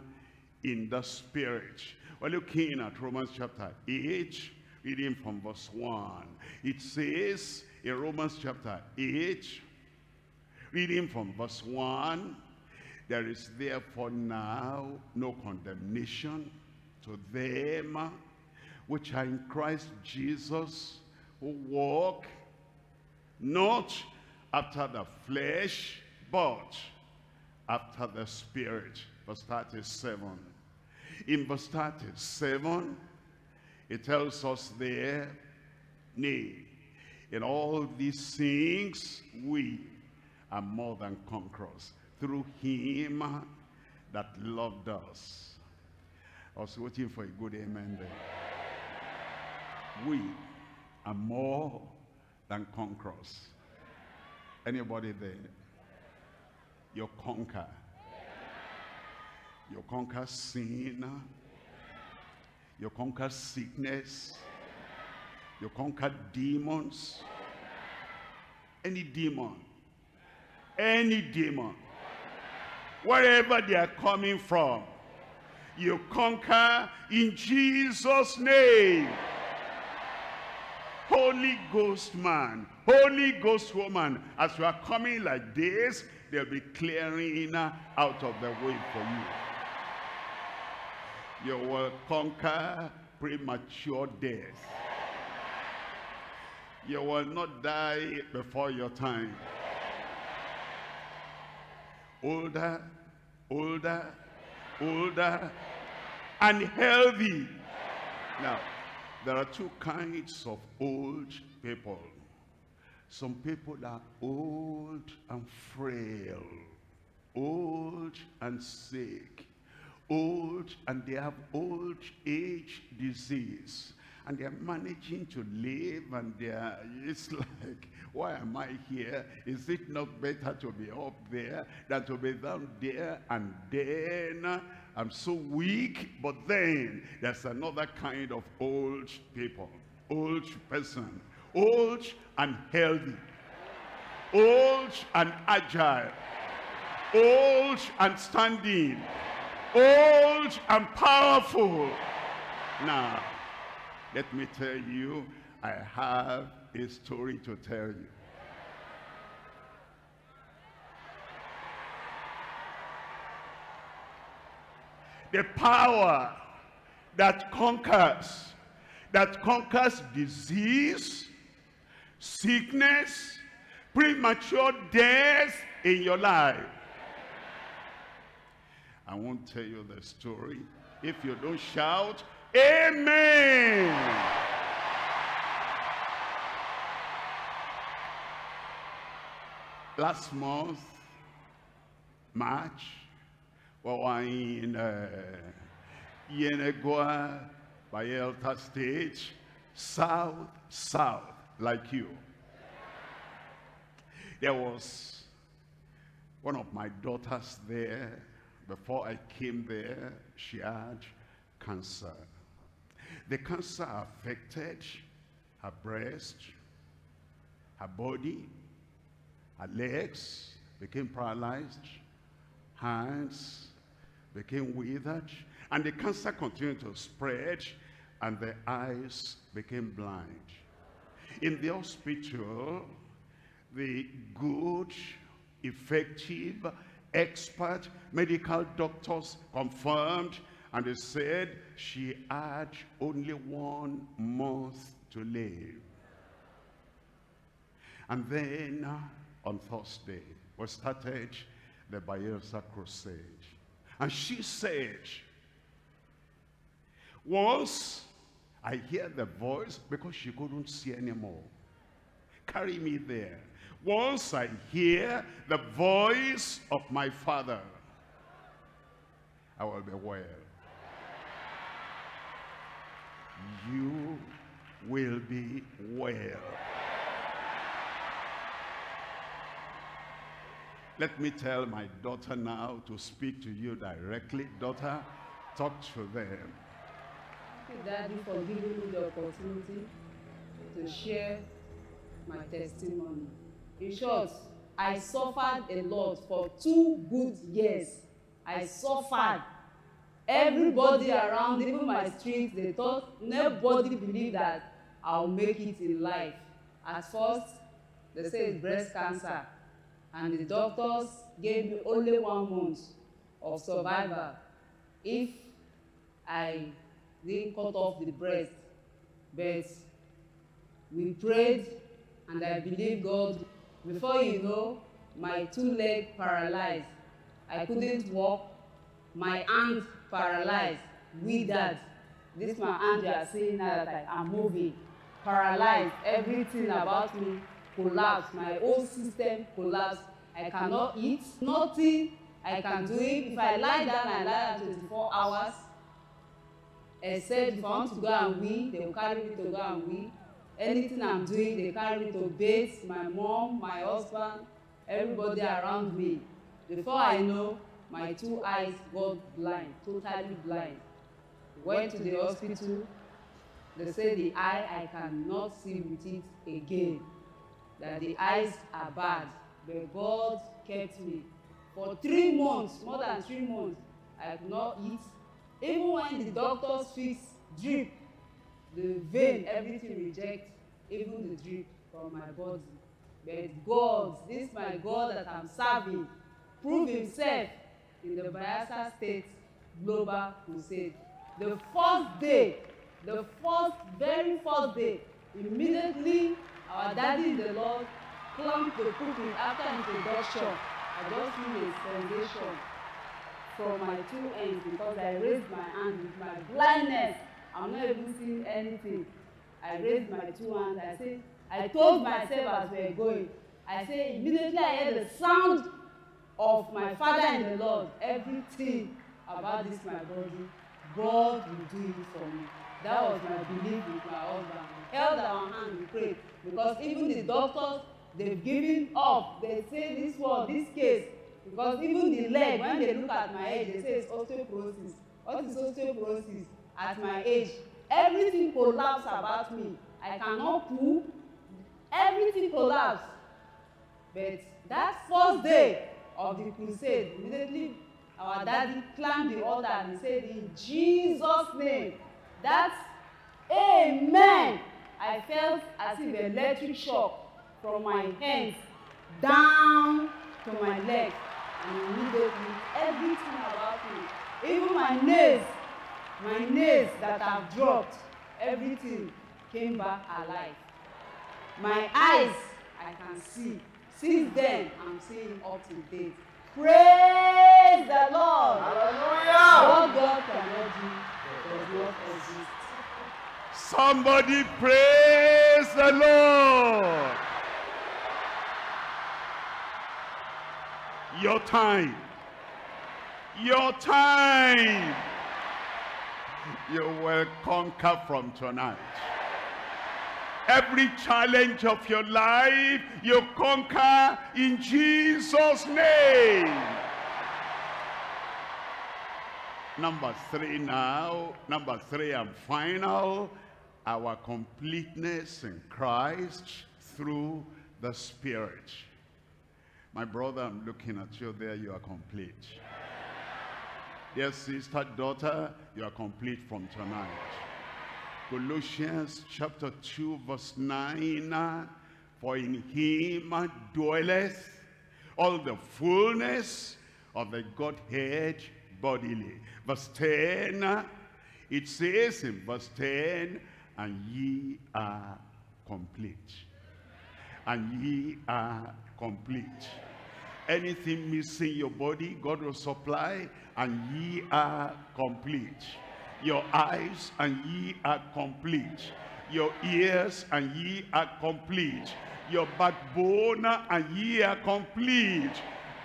Speaker 1: in the spirit. We're looking at Romans chapter 8, reading from verse 1. It says in Romans chapter 8, reading from verse 1, there is therefore now no condemnation to them which are in Christ Jesus, who walk not after the flesh, but after the Spirit. Verse 37. In verse 37, it tells us there, Nay, in all these things we are more than conquerors through him that loved us. I was waiting for a good amen there. We are more than conquerors. Anybody there? you conquer. You conquer sin. You conquer sickness. You conquer demons. Any demon. Any demon. Wherever they are coming from. You conquer in Jesus' name. Holy Ghost man, Holy Ghost woman, as you are coming like this, they'll be clearing out of the way for you. You will conquer premature death. You will not die before your time. Older, older, older, and healthy. Now, there are two kinds of old people some people are old and frail, old and sick, old and they have old age disease and they're managing to live and they're it's like why am i here is it not better to be up there than to be down there and then i'm so weak but then there's another kind of old people old person old and healthy, old and agile, old and standing, old and powerful. Now, let me tell you, I have a story to tell you. The power that conquers, that conquers disease, sickness, premature death in your life. I won't tell you the story if you don't shout, Amen. Last month, March, we were in uh, Yenegua, Elta State, South, South like you. There was one of my daughters there. Before I came there, she had cancer. The cancer affected her breast, her body, her legs became paralyzed, hands became withered, and the cancer continued to spread, and the eyes became blind. In the hospital, the good, effective, expert medical doctors confirmed and they said she had only one month to live. And then uh, on Thursday, we started the Bayelsa Crusade. And she said, once I hear the voice because she couldn't see anymore. Carry me there. Once I hear the voice of my father, I will be well. You will be well. Let me tell my daughter now to speak to you directly. Daughter, talk to them.
Speaker 2: you, Daddy, for giving me the opportunity to share my testimony. In short, I suffered a lot for two good years. I suffered. Everybody around, even my street, they thought nobody believed that I'll make it in life. At first, they said it's breast cancer, and the doctors gave me only one month of survival if I they cut off the breast. But we prayed, and I believe God. Before you know, my two leg paralyzed. I couldn't walk. My hand paralyzed. With that, this my hand you are seeing now that I am moving. Paralyzed. Everything about me collapsed. My whole system collapsed. I cannot eat. Nothing I can do. If I lie down, I lie down 24 hours except if I want to go and wee, they will carry me to go and wee. Anything I'm doing, they carry me to base. my mom, my husband, everybody around me. Before I know, my two eyes got blind, totally blind. Went to the hospital. They said the eye, I cannot see with it again. That the eyes are bad. But God kept me. For three months, more than three months, I could not eat, Even when the doctor's fix drip, the vein, everything reject, even the drip from my body. But God, this my God that I'm serving, prove himself in the Bayelsa State Global Crusade. The first day, the first, very first day, immediately our daddy in the Lord clumped the pulpit after introduction. I just feel a sensation from my two ends because I raised my hand with my blindness. I'm not even seeing anything. I raised my two hands. I said, I told myself as we were going, I said, immediately I heard the sound of my Father in the Lord, everything about this my body, God will do it for me. That was my belief with my husband. held our hand, we prayed. Because even the doctors, they've given up. They say this was this case because even the leg when they look at my age they say it's osteoporosis what is osteoporosis at my age everything collapse about me i cannot pull everything collapse but that first day of the crusade immediately our daddy climbed the altar and he said in jesus name that amen i felt as if electric shock from my hands down to my legs. immediately everything about me even my nails my nails that i've dropped everything came back alive my eyes i can see since then i'm seeing up to date praise the lord hallelujah what god cannot do does not exist
Speaker 1: somebody praise the lord. Your time. Your time. You will conquer from tonight. Every challenge of your life, you conquer in Jesus' name. Number three now, number three and final, our completeness in Christ through the Spirit. My brother, I'm looking at you there, you are complete. Dear sister, daughter, you are complete from tonight. Colossians chapter 2 verse 9, For in him dwelleth all the fullness of the Godhead bodily. Verse 10, it says in verse 10, And ye are complete. And ye are complete. Anything missing your body, God will supply and ye are complete. Your eyes and ye are complete. Your ears and ye are complete. Your backbone and ye are complete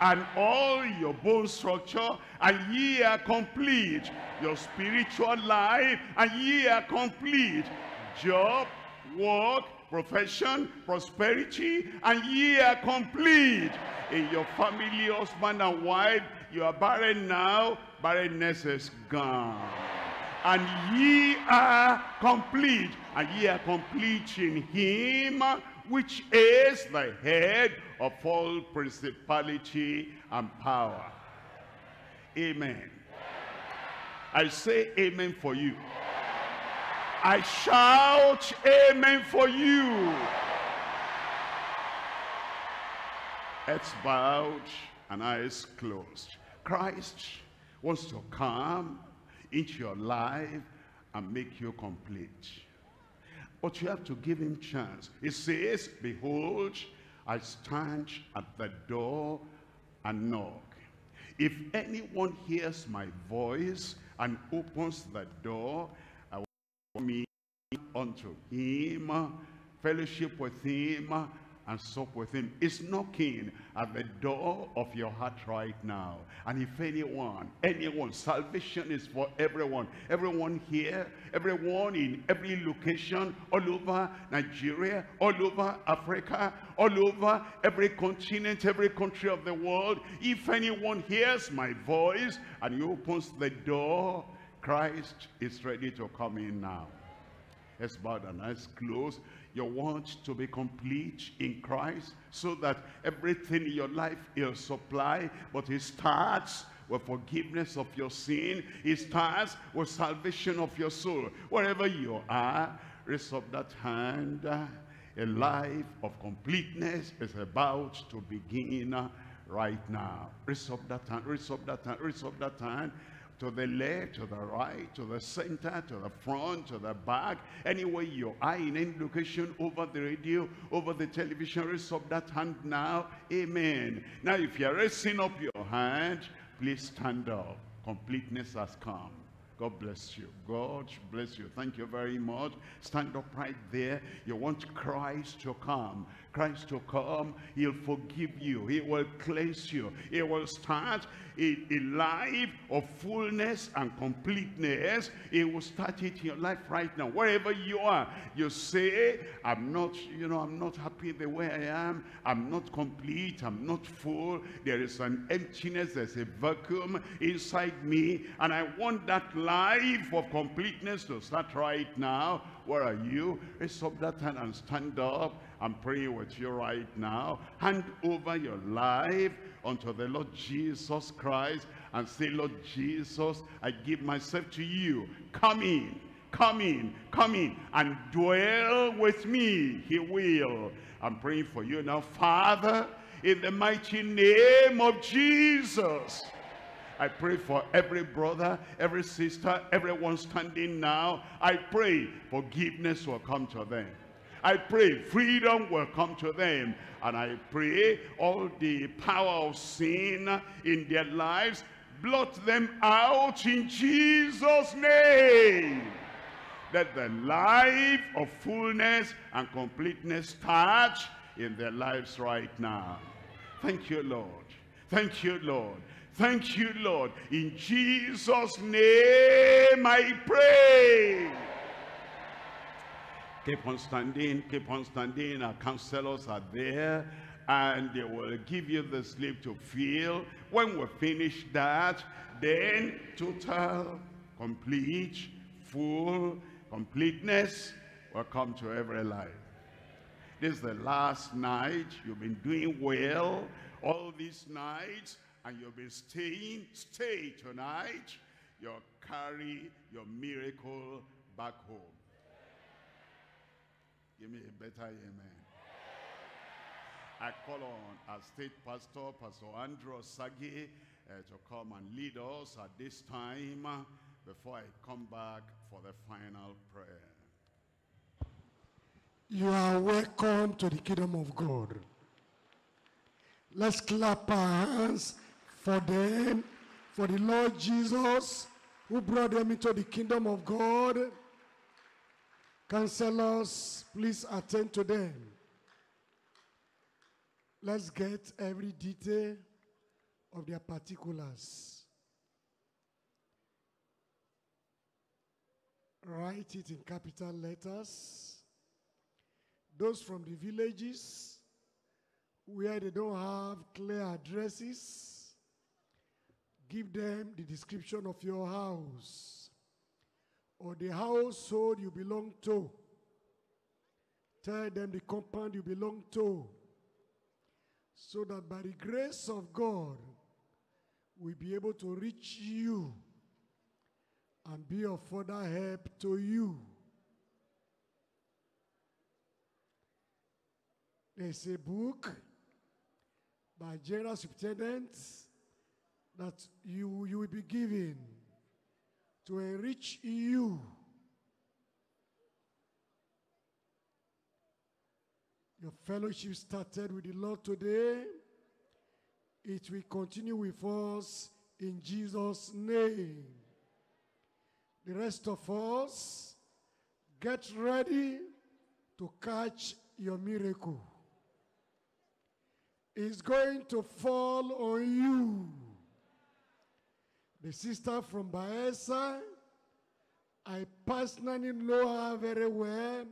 Speaker 1: and all your bone structure and ye are complete your spiritual life and ye are complete job work profession, prosperity, and ye are complete. In your family, husband and wife, you are barren now, barrenness is gone. And ye are complete, and ye are complete in him, which is the head of all principality and power. Amen. I say amen for you. I shout amen for you. Heads bowed and eyes closed. Christ wants to come into your life and make you complete. But you have to give him chance. He says, behold, I stand at the door and knock. If anyone hears my voice and opens the door, me unto him, fellowship with him, and sup with him. It's knocking at the door of your heart right now. And if anyone, anyone, salvation is for everyone. Everyone here, everyone in every location, all over Nigeria, all over Africa, all over every continent, every country of the world. If anyone hears my voice and he opens the door Christ is ready to come in now. Let's bow down, close. closed. You want to be complete in Christ so that everything in your life is will supply, but it starts with forgiveness of your sin. It starts with salvation of your soul. Wherever you are, raise up that hand. A life of completeness is about to begin right now. Raise up that hand, raise up that hand, raise up that hand to the left, to the right, to the center, to the front, to the back, anywhere you are in any location, over the radio, over the television, raise up that hand now. Amen. Now, if you're raising up your hand, please stand up. Completeness has come. God bless you. God bless you. Thank you very much. Stand up right there. You want Christ to come. Christ to come, he'll forgive you. He will cleanse you. He will start a, a life of fullness and completeness. He will start it in your life right now. Wherever you are, you say, I'm not, you know, I'm not happy the way I am. I'm not complete. I'm not full. There is an emptiness. There's a vacuum inside me. And I want that life of completeness to start right now. Where are you? Raise up that hand and stand up I'm praying with you right now. Hand over your life unto the Lord Jesus Christ and say, Lord Jesus, I give myself to you. Come in, come in, come in and dwell with me. He will. I'm praying for you now, Father, in the mighty name of Jesus. I pray for every brother, every sister, everyone standing now. I pray forgiveness will come to them. I pray freedom will come to them. And I pray all the power of sin in their lives, blot them out in Jesus' name. Let the life of fullness and completeness touch in their lives right now. Thank you, Lord. Thank you, Lord. Thank you, Lord. In Jesus' name I pray. Keep on standing, keep on standing. Our counselors are there and they will give you the sleep to feel. When we finish that, then total, complete, full, completeness will come to every life. This is the last night. You've been doing well all these nights and you'll be staying, stay tonight, you'll carry your miracle back home. Give me a better amen. I call on our state pastor, Pastor Andrew Sagi, uh, eh, to come and lead us at this time eh, before I come back for the final prayer.
Speaker 3: You are welcome to the kingdom of God. Let's clap our hands for them, for the Lord Jesus who brought them into the kingdom of God. Counselors, please attend to them. Let's get every detail of their particulars. Write it in capital letters. Those from the villages where they don't have clear addresses, give them the description of your house or the household you belong to. Tell them the compound you belong to. So that by the grace of God, we'll be able to reach you and be of further help to you. There's a book by general superintendent that you, you will be given to enrich you. Your fellowship started with the Lord today. It will continue with us in Jesus' name. The rest of us, get ready to catch your miracle. It's going to fall on you the sister from Baeza. I personally know her very well,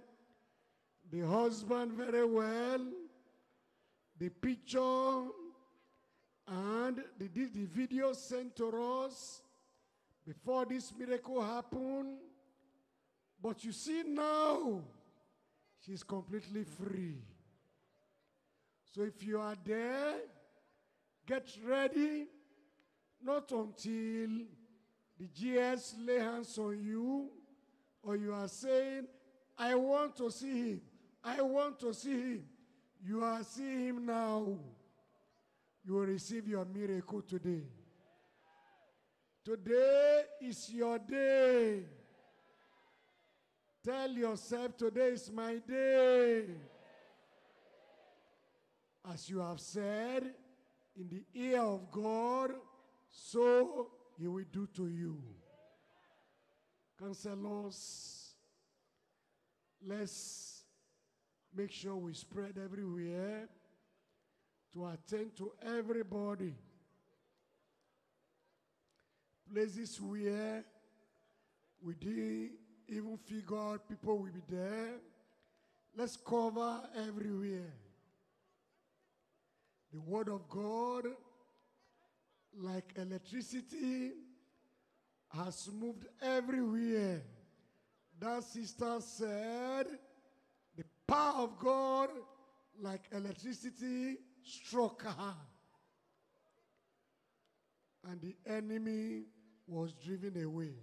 Speaker 3: the husband very well, the picture and the, the video sent to us before this miracle happened. But you see now, she's completely free. So if you are there, get ready not until the GS lay hands on you or you are saying, I want to see him. I want to see him. You are seeing him now. You will receive your miracle today. Today is your day. Tell yourself, today is my day. As you have said, in the ear of God, so he will do to you. Counselors, let's make sure we spread everywhere to attend to everybody. Places where we didn't even figure out people will be there. Let's cover everywhere. The Word of God like electricity has moved everywhere. That sister said, the power of God, like electricity, struck her. And the enemy was driven away.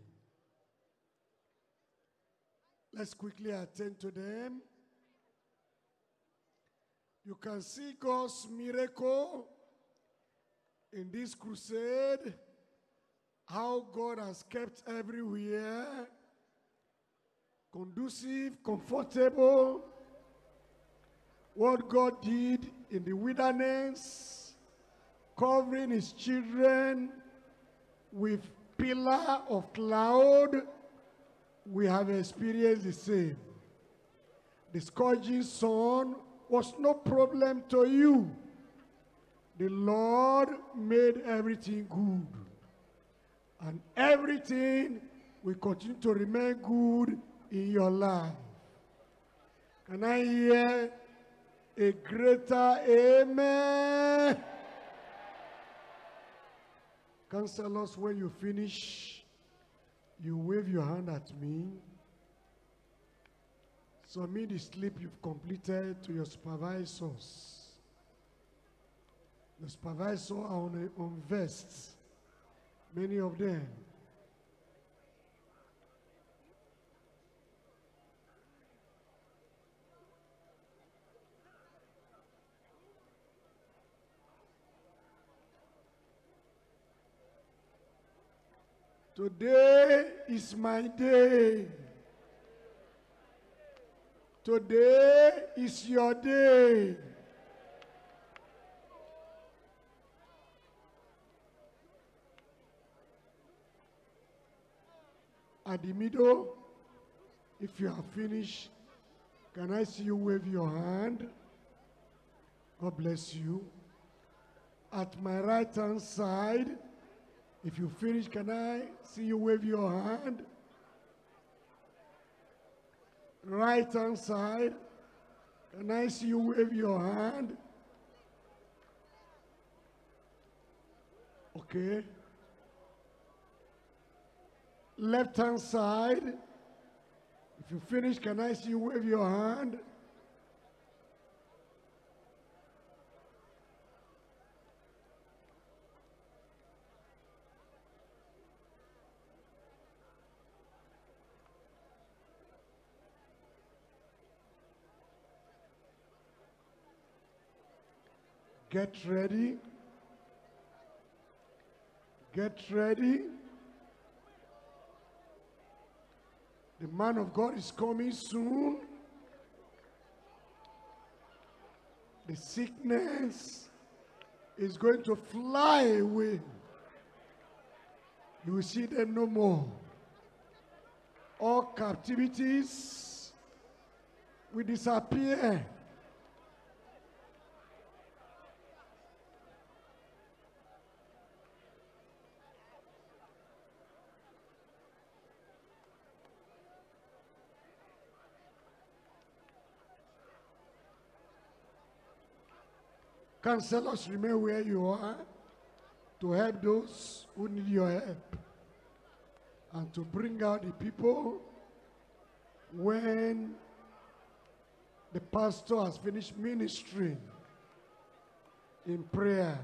Speaker 3: Let's quickly attend to them. You can see God's miracle in this crusade, how God has kept everywhere conducive, comfortable. What God did in the wilderness, covering his children with pillar of cloud, we have experienced the same. The scourging sun was no problem to you. The Lord made everything good. And everything will continue to remain good in your life. Can I hear a greater amen? Cancel us when you finish. You wave your hand at me. Submit the slip you've completed to your supervisors the supervisor on, on vests, many of them. Today is my day. Today is your day. at the middle. If you are finished, can I see you wave your hand? God bless you. At my right hand side, if you finish, can I see you wave your hand? Right hand side, can I see you wave your hand? Okay left hand side. If you finish, can I see you wave your hand? Get ready. Get ready. The man of God is coming soon. The sickness is going to fly away. You will see them no more. All captivities will disappear. counselors remain where you are to help those who need your help and to bring out the people when the pastor has finished ministering in prayer.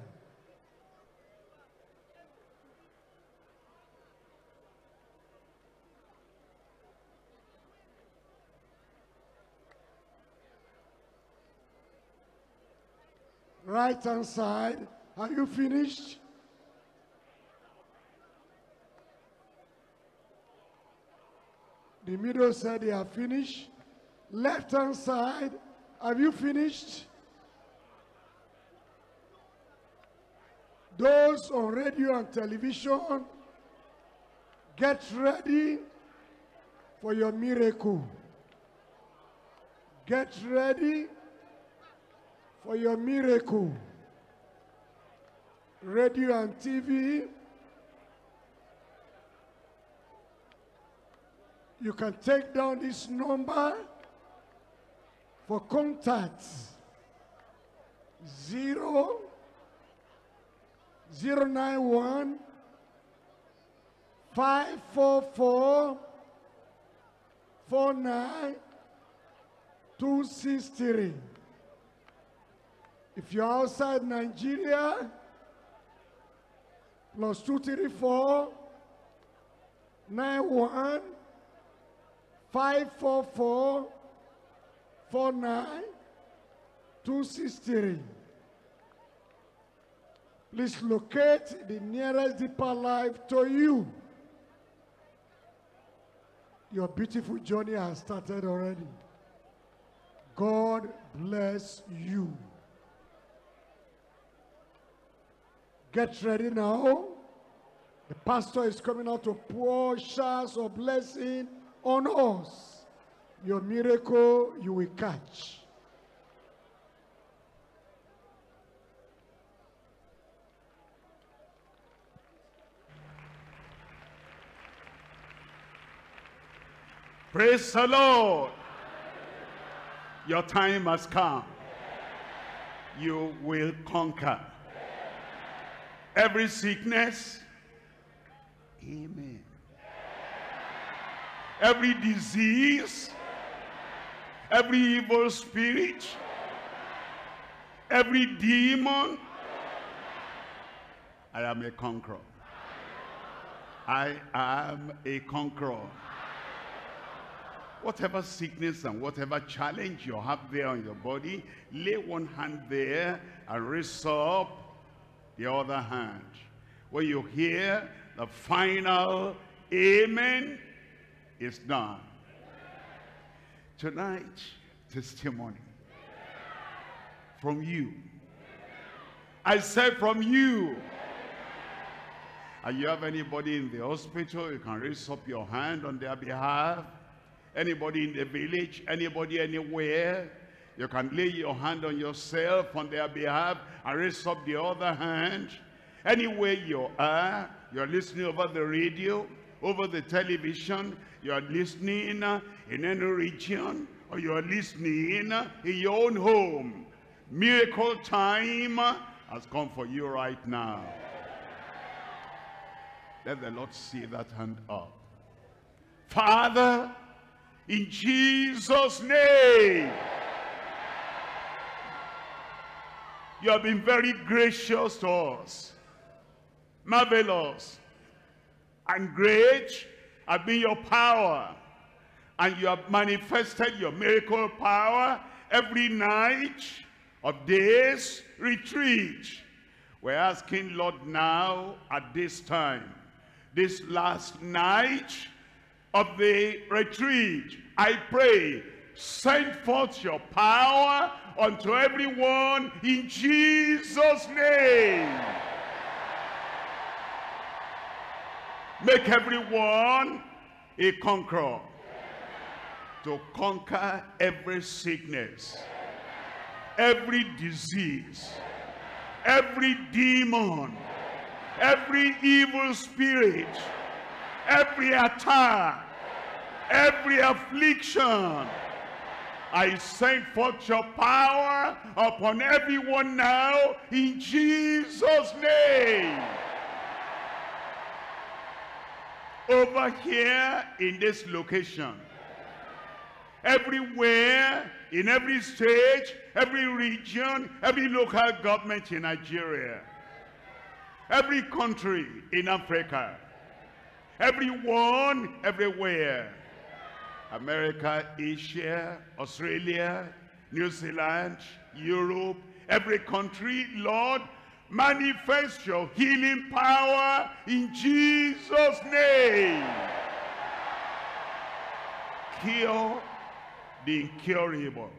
Speaker 3: right hand side. Are you finished? The middle said they are finished. Left hand side, have you finished? Those on radio and television, get ready for your miracle. Get ready for your miracle. Radio and TV, you can take down this number for contacts. Zero, zero nine one, five four four, four nine, two six three. If you're outside Nigeria, plus 234 91 544 49 263. Please locate the nearest deeper life to you. Your beautiful journey has started already. God bless you. Get ready now. The pastor is coming out to pour showers of blessing on us. Your miracle you will catch.
Speaker 1: Praise the Lord. Your time has come. You will conquer every sickness. Amen. Every disease, every evil spirit, every demon. I am a conqueror. I am a conqueror. Whatever sickness and whatever challenge you have there on your body, lay one hand there and raise up the other hand. When you hear the final amen, it's done. Tonight, testimony from you. I said from you. And you have anybody in the hospital, you can raise up your hand on their behalf. Anybody in the village, anybody anywhere, you can lay your hand on yourself on their behalf and raise up the other hand. Anywhere you are, you're listening over the radio, over the television, you're listening in any region, or you're listening in your own home. Miracle time has come for you right now. Let the Lord see that hand up. Father, in Jesus' name. You have been very gracious to us. Marvelous. And great have been your power. And you have manifested your miracle power every night of this retreat. We're asking, Lord, now at this time, this last night of the retreat, I pray, send forth your power unto everyone in Jesus' name. Make everyone a conqueror to conquer every sickness, every disease, every demon, every evil spirit, every attack, every affliction, I send forth your power upon everyone now in Jesus' name. Over here in this location, everywhere, in every state, every region, every local government in Nigeria, every country in Africa, everyone, everywhere, America, Asia, Australia, New Zealand, Europe, every country, Lord, manifest your healing power in Jesus' name. Cure the incurable.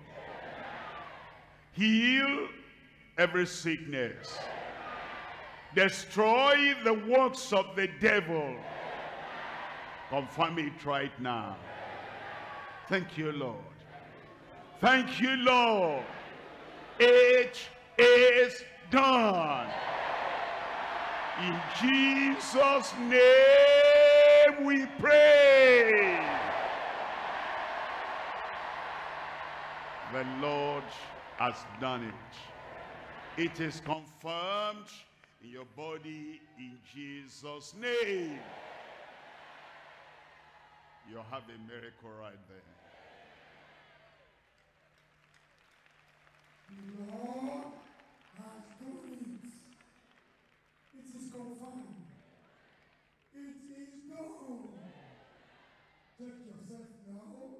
Speaker 1: Heal every sickness. Destroy the works of the devil. Confirm it right now. Thank you, Lord. Thank you, Lord. It is done. In Jesus' name we pray. The Lord has done it. It is confirmed in your body in Jesus' name. You have a miracle right there.
Speaker 3: The Lord has done it. It is confirmed. It is known. Check yourself now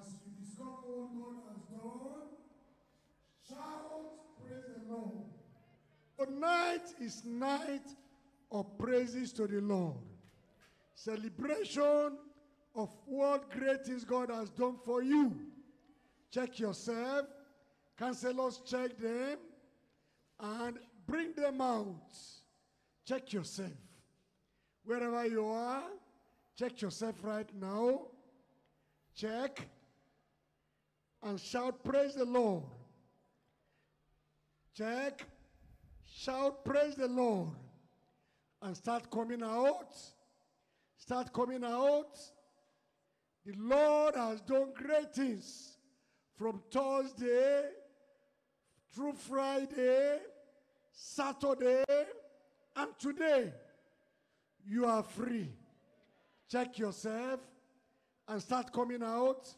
Speaker 3: as you discover what God has done. Shout, praise the Lord. Tonight is night of praises to the Lord. Celebration of what greatest God has done for you. Check yourself Counselors, check them and bring them out. Check yourself. Wherever you are, check yourself right now. Check and shout, Praise the Lord. Check, shout, Praise the Lord. And start coming out. Start coming out. The Lord has done great things from Thursday through Friday, Saturday, and today, you are free. Check yourself and start coming out.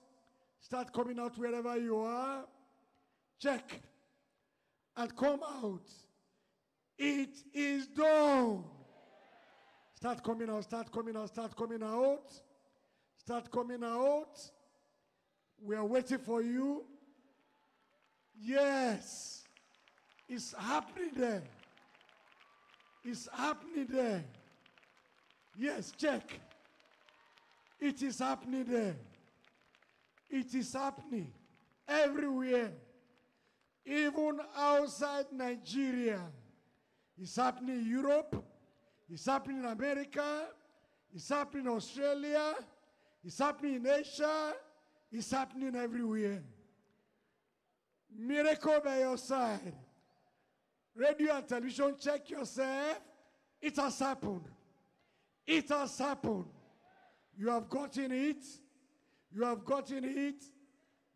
Speaker 3: Start coming out wherever you are. Check and come out. It is done. Start coming out, start coming out, start coming out. Start coming out. We are waiting for you. Yes. It's happening there. It's happening there. Yes, check. It is happening there. It is happening everywhere. Even outside Nigeria. It's happening in Europe. It's happening in America. It's happening in Australia. It's happening in Asia. It's happening everywhere. Miracle by your side. Radio and television, check yourself. It has happened. It has happened. You have gotten it. You have gotten it.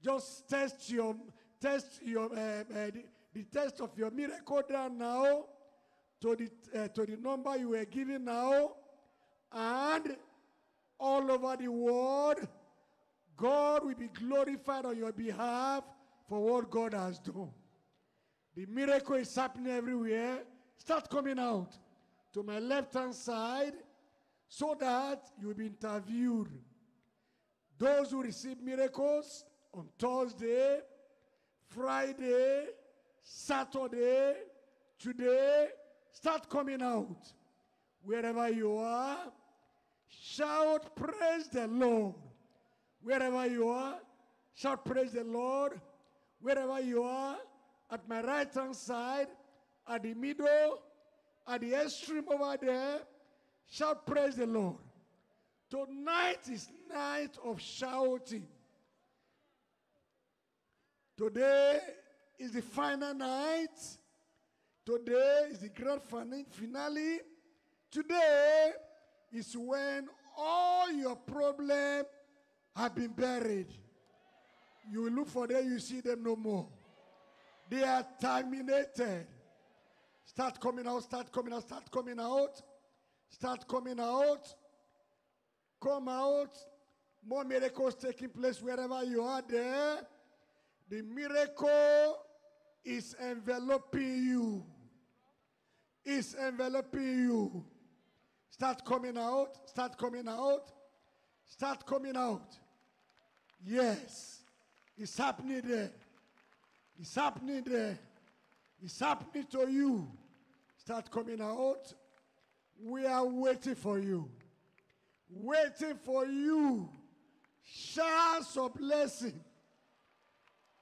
Speaker 3: Just test your test your uh, uh, the, the, test of your miracle down now to the uh, to the number you were given now, and all over the world, God will be glorified on your behalf for what God has done. The miracle is happening everywhere. Start coming out to my left hand side so that you'll be interviewed. Those who receive miracles on Thursday, Friday, Saturday, today, start coming out. Wherever you are, shout praise the Lord. Wherever you are, shout praise the Lord wherever you are, at my right hand side, at the middle, at the extreme over there, shall praise the Lord. Tonight is night of shouting. Today is the final night. Today is the grand finale. Today is when all your problems have been buried. You look for them, you see them no more. They are terminated. Start coming out, start coming out, start coming out. Start coming out. Come out. More miracles taking place wherever you are there. The miracle is enveloping you. Is enveloping you. Start coming out. Start coming out. Start coming out. Yes. It's happening there. It's happening there. It's happening to you. Start coming out. We are waiting for you. Waiting for you. Showers of blessing.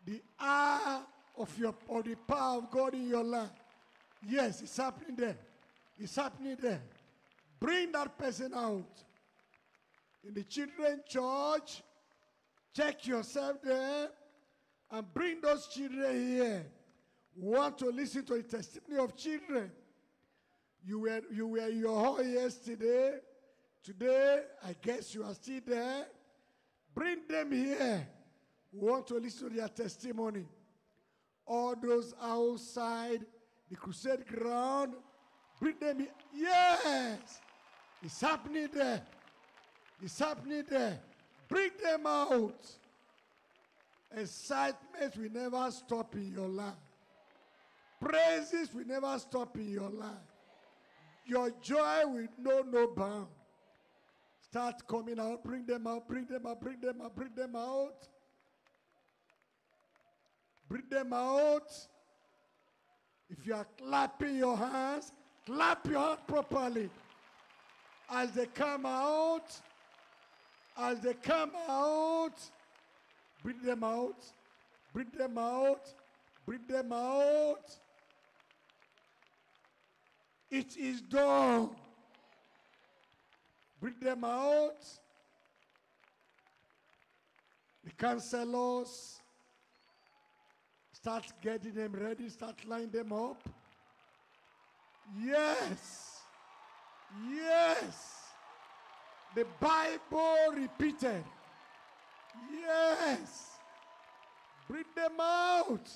Speaker 3: The hour of your of the power of God in your life. Yes, it's happening there. It's happening there. Bring that person out. In the children church, Check yourself there and bring those children here. want to listen to the testimony of children. You were, you were in your hall yesterday. Today, I guess you are still there. Bring them here. want to listen to their testimony. All those outside the crusade ground, bring them here. Yes! It's happening there. It's happening there. Bring them out. Excitement will never stop in your life. Praises will never stop in your life. Your joy will know no bound. Start coming out, bring them out, bring them out, bring them out, bring them out. Bring them out. If you are clapping your hands, clap your hands properly. As they come out, as they come out, bring them out, bring them out, bring them out. It is done. Bring them out. The counselors start getting them ready, start lining them up. Yes. Yes. The Bible repeated. Yes. Breathe them out.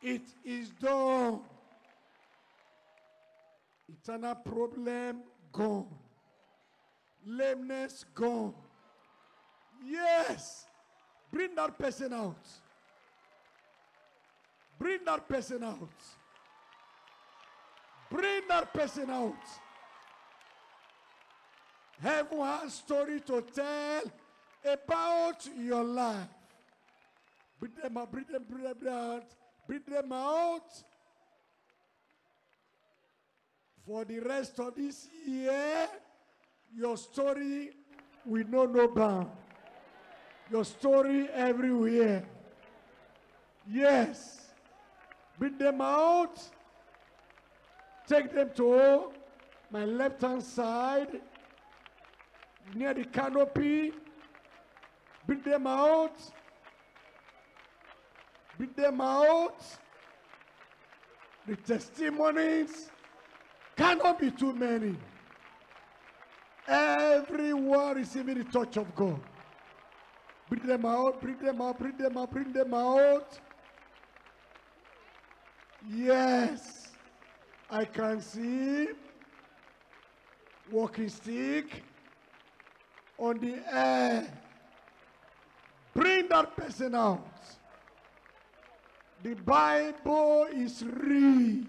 Speaker 3: It is done. Eternal problem gone. Lameness gone. Yes. Bring that person out. Bring that person out. Bring that person out. Heaven has story to tell about your life. Bring them out, bring them, bring them out, bring them out. For the rest of this year, your story will know no bound. Your story everywhere. Yes. Bring them out. Take them to my left hand side near the canopy, beat them out, beat them out. The testimonies cannot be too many. Everyone receiving the touch of God. Bring them out, bring them out, bring them out, bring them out. Yes, I can see walking stick on the air. Bring that person out. The Bible is read.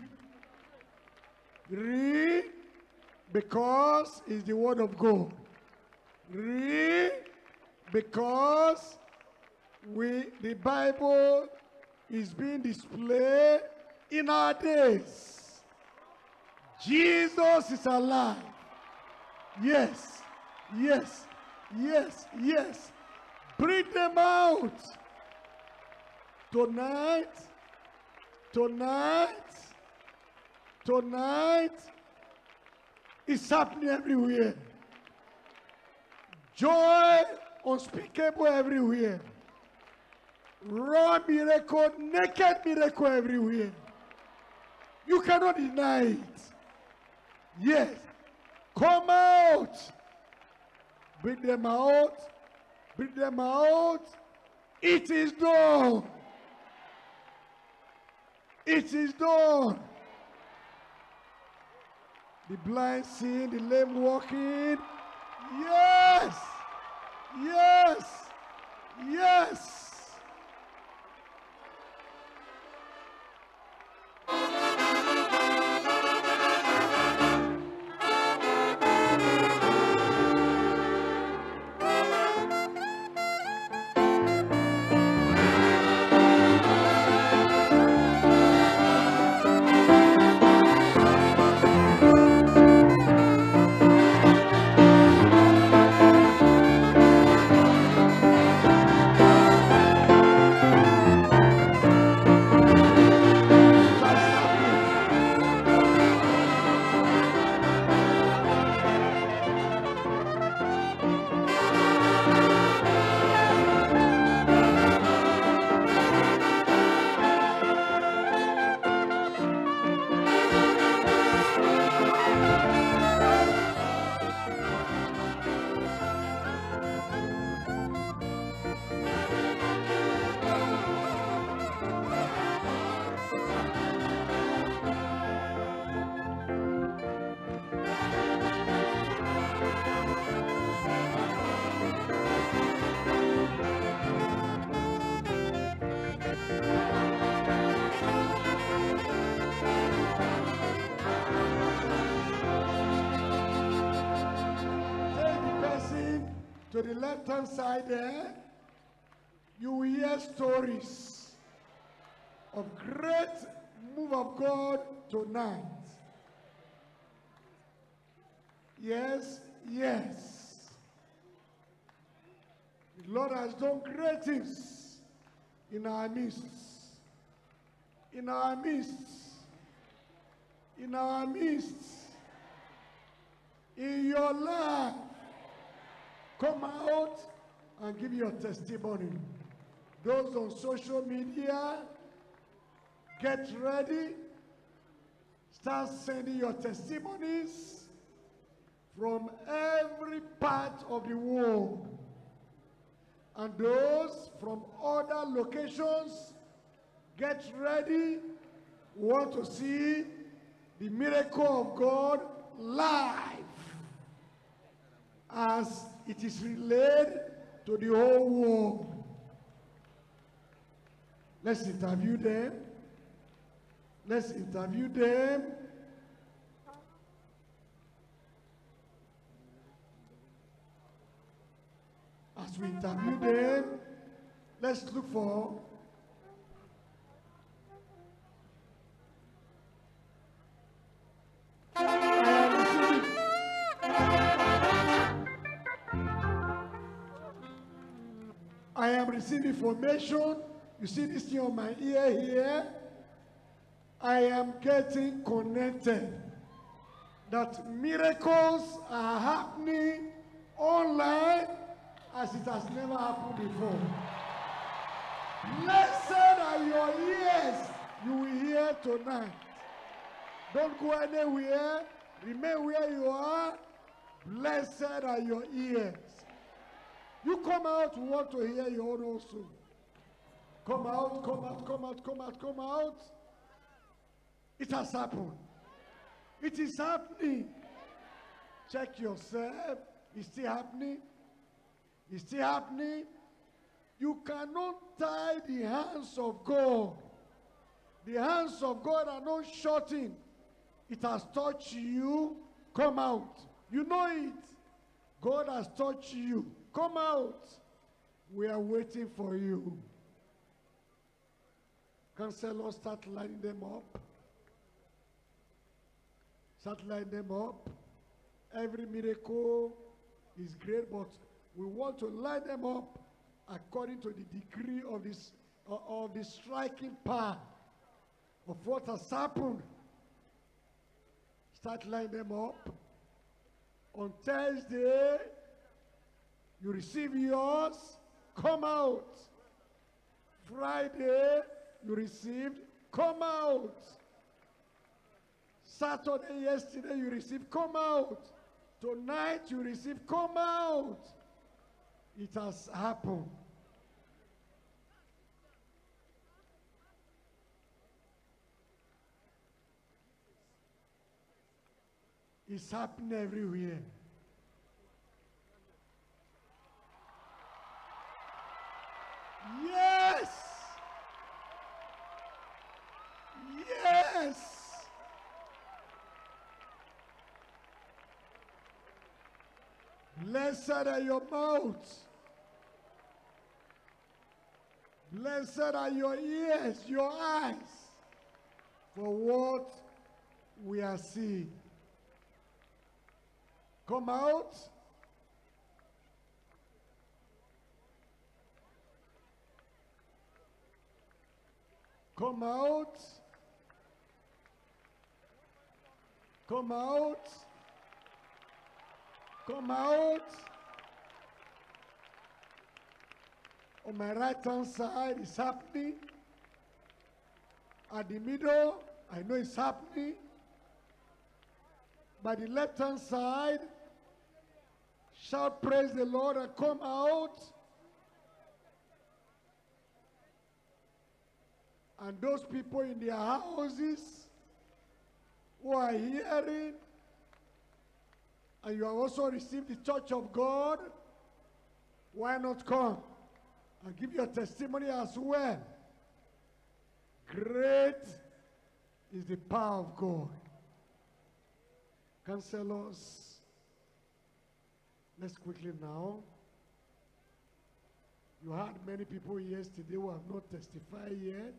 Speaker 3: Read because it's the word of God. Read because we the Bible is being displayed in our days. Jesus is alive. Yes, yes, Yes, yes. Bring them out. Tonight, tonight, tonight, it's happening everywhere. Joy unspeakable everywhere. Raw miracle, naked miracle everywhere. You cannot deny it. Yes. Come out. Bring them out. Bring them out. It is done. It is done. The blind seeing, the lame walking. Yes. Yes. Yes. side there, you will hear stories of great move of God tonight. Yes, yes. The Lord has done great things in our midst. In our midst. In our midst. In your life. Come out and give your testimony. Those on social media, get ready. Start sending your testimonies from every part of the world. And those from other locations, get ready. We want to see the miracle of God live as it is relayed to the whole world. Let's interview them. Let's interview them. As we interview them, let's look for Thank you. I am receiving information. You see this thing on my ear here. I am getting connected. That miracles are happening online as it has never happened before. Blessed are your ears you will hear tonight. Don't go anywhere. Remain where you are. Blessed are your ears. You come out, we want to hear your own also. Come out, come out, come out, come out, come out. It has happened. It is happening. Check yourself. It's still happening. It's still happening. You cannot tie the hands of God. The hands of God are not shutting. It has touched you. Come out. You know it. God has touched you. Come out. We are waiting for you. Counselors, start lining them up. Start lining them up. Every miracle is great, but we want to line them up according to the degree of this uh, of the striking power of what has happened. Start lining them up. On Thursday, you receive yours, come out. Friday, you received, come out. Saturday, yesterday, you received, come out. Tonight, you received, come out. It has happened. It's happening everywhere. Yes! Yes! Blessed are your mouths. Blessed are your ears, your eyes, for what we are seeing. Come out Come out. Come out. Come out. On my right hand side is happening. At the middle, I know it's happening. By the left hand side, shall praise the Lord and come out. And those people in their houses who are hearing, and you have also received the church of God, why not come and give your testimony as well? Great is the power of God. Counselors, let's quickly now. You had many people yesterday who have not testified yet.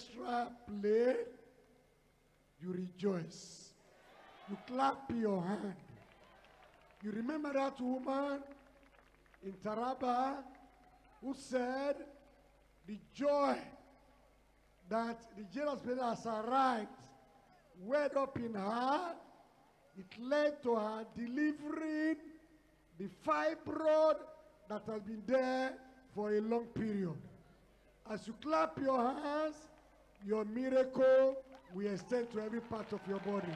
Speaker 3: play, you rejoice. You clap your hand. You remember that woman in Taraba who said, the joy that the jealous Peter has arrived welled up in her. It led to her delivering the fibroid that has been there for a long period. As you clap your hands, your miracle will extend to every part of your body.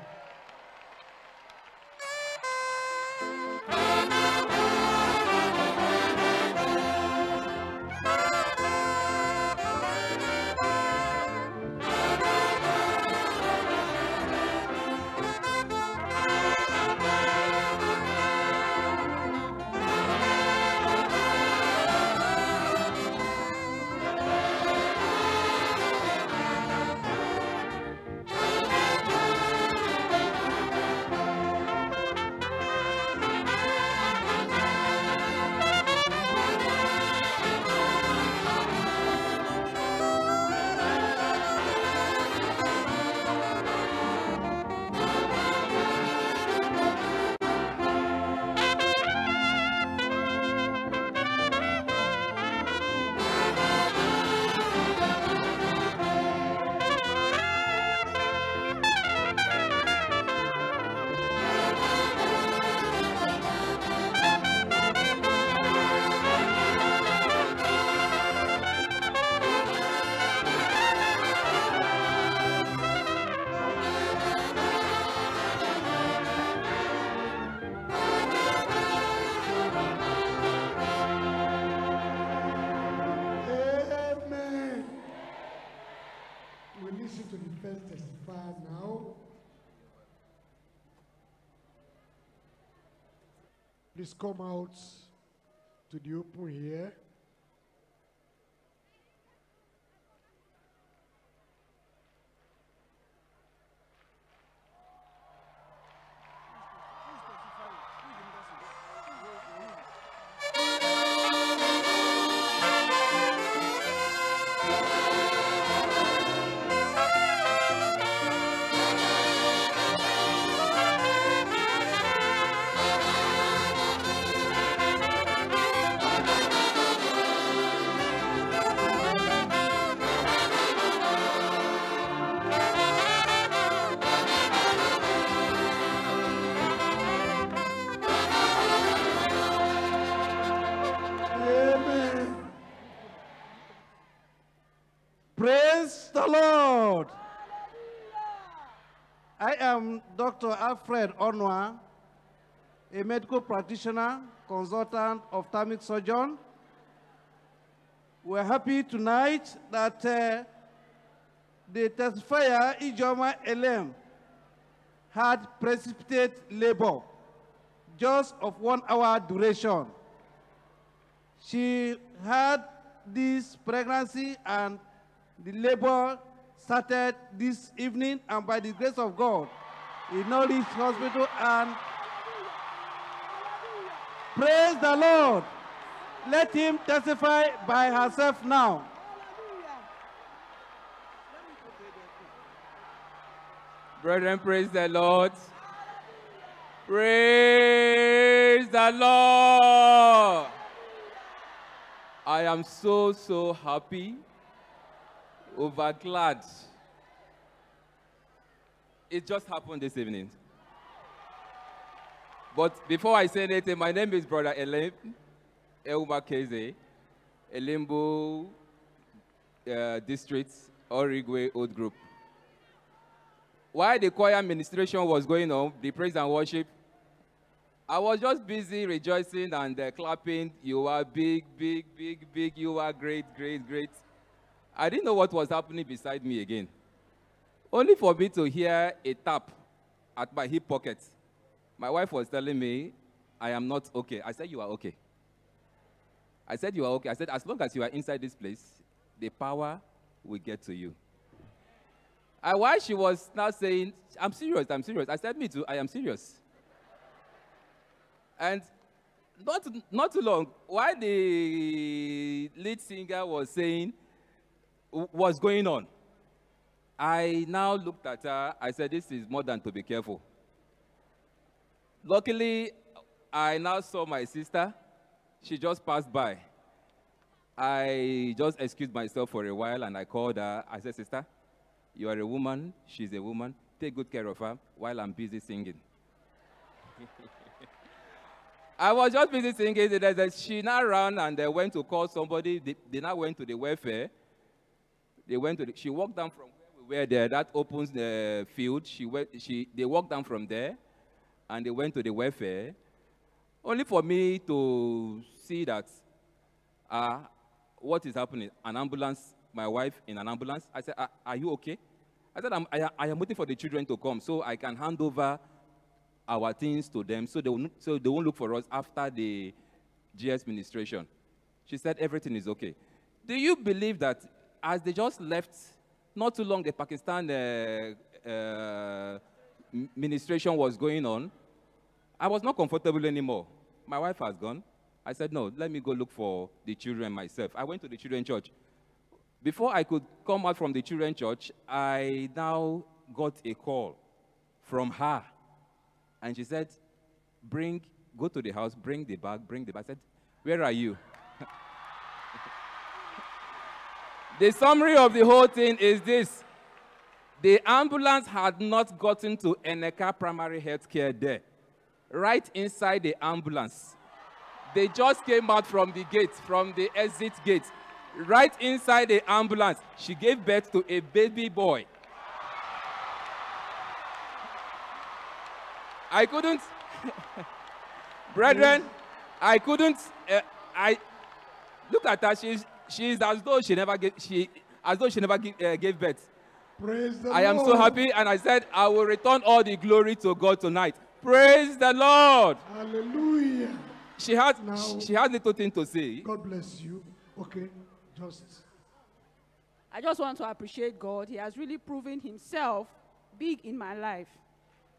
Speaker 3: por here
Speaker 4: a medical practitioner, consultant, ophthalmic surgeon. We're happy tonight that uh, the testifier, Ijoma Elem, had precipitate labor, just of one hour duration. She had this pregnancy and the labor started this evening and by the grace of God, in all this hospital and Praise the Lord. Let him testify by herself now.
Speaker 5: Brethren, praise the Lord. Praise the Lord. I am so, so happy, over glad. It just happened this evening. But before I say anything, my name is Brother Elim Eumakeze, Elimbo uh, District, Origwe Old Group. While the choir ministration was going on, the praise and worship, I was just busy rejoicing and uh, clapping. You are big, big, big, big. You are great, great, great. I didn't know what was happening beside me again. Only for me to hear a tap at my hip pocket. My wife was telling me, I am not okay. I said, You are okay. I said, You are okay. I said, As long as you are inside this place, the power will get to you. And while she was now saying, I'm serious, I'm serious, I said, Me too, I am serious. and not, not too long, while the lead singer was saying, What's going on? I now looked at her, I said, This is more than to be careful. Luckily, I now saw my sister. She just passed by. I just excused myself for a while and I called her. I said, Sister, you are a woman. She's a woman. Take good care of her while I'm busy singing. I was just busy singing. said she now ran and they went to call somebody. They, they now went to the welfare. They went to the, she walked down from where we were there. That opens the field. She went, she, they walked down from there and they went to the welfare, only for me to see that uh, what is happening, an ambulance, my wife in an ambulance. I said, are, ah, are you okay? I said, I'm, I, I am waiting for the children to come so I can hand over our things to them so they, will, so they won't look for us after the GS administration. She said, everything is okay. Do you believe that as they just left, not too long, the Pakistan uh, uh, ministration was going on, I was not comfortable anymore. My wife has gone. I said, no, let me go look for the children myself. I went to the children church. Before I could come out from the children church, I now got a call from her. And she said, bring, go to the house, bring the bag, bring the bag. I said, where are you? the summary of the whole thing is this. The ambulance had not gotten to Eneka Primary Healthcare there. Right inside the ambulance. They just came out from the gate, from the exit gate. Right inside the ambulance, she gave birth to a baby boy. I couldn't, brethren, I couldn't, uh, I, look at her, she's, she's as though she never gave, she, as though she never give, uh, gave birth.
Speaker 3: Praise the I am so happy,
Speaker 5: and I said, I will return all the glory to God tonight. Praise the Lord.
Speaker 3: Hallelujah.
Speaker 5: She had now, she has little thing to say. God bless you. Okay, just.
Speaker 3: I just want
Speaker 2: to appreciate God. He has really proven Himself big in my life.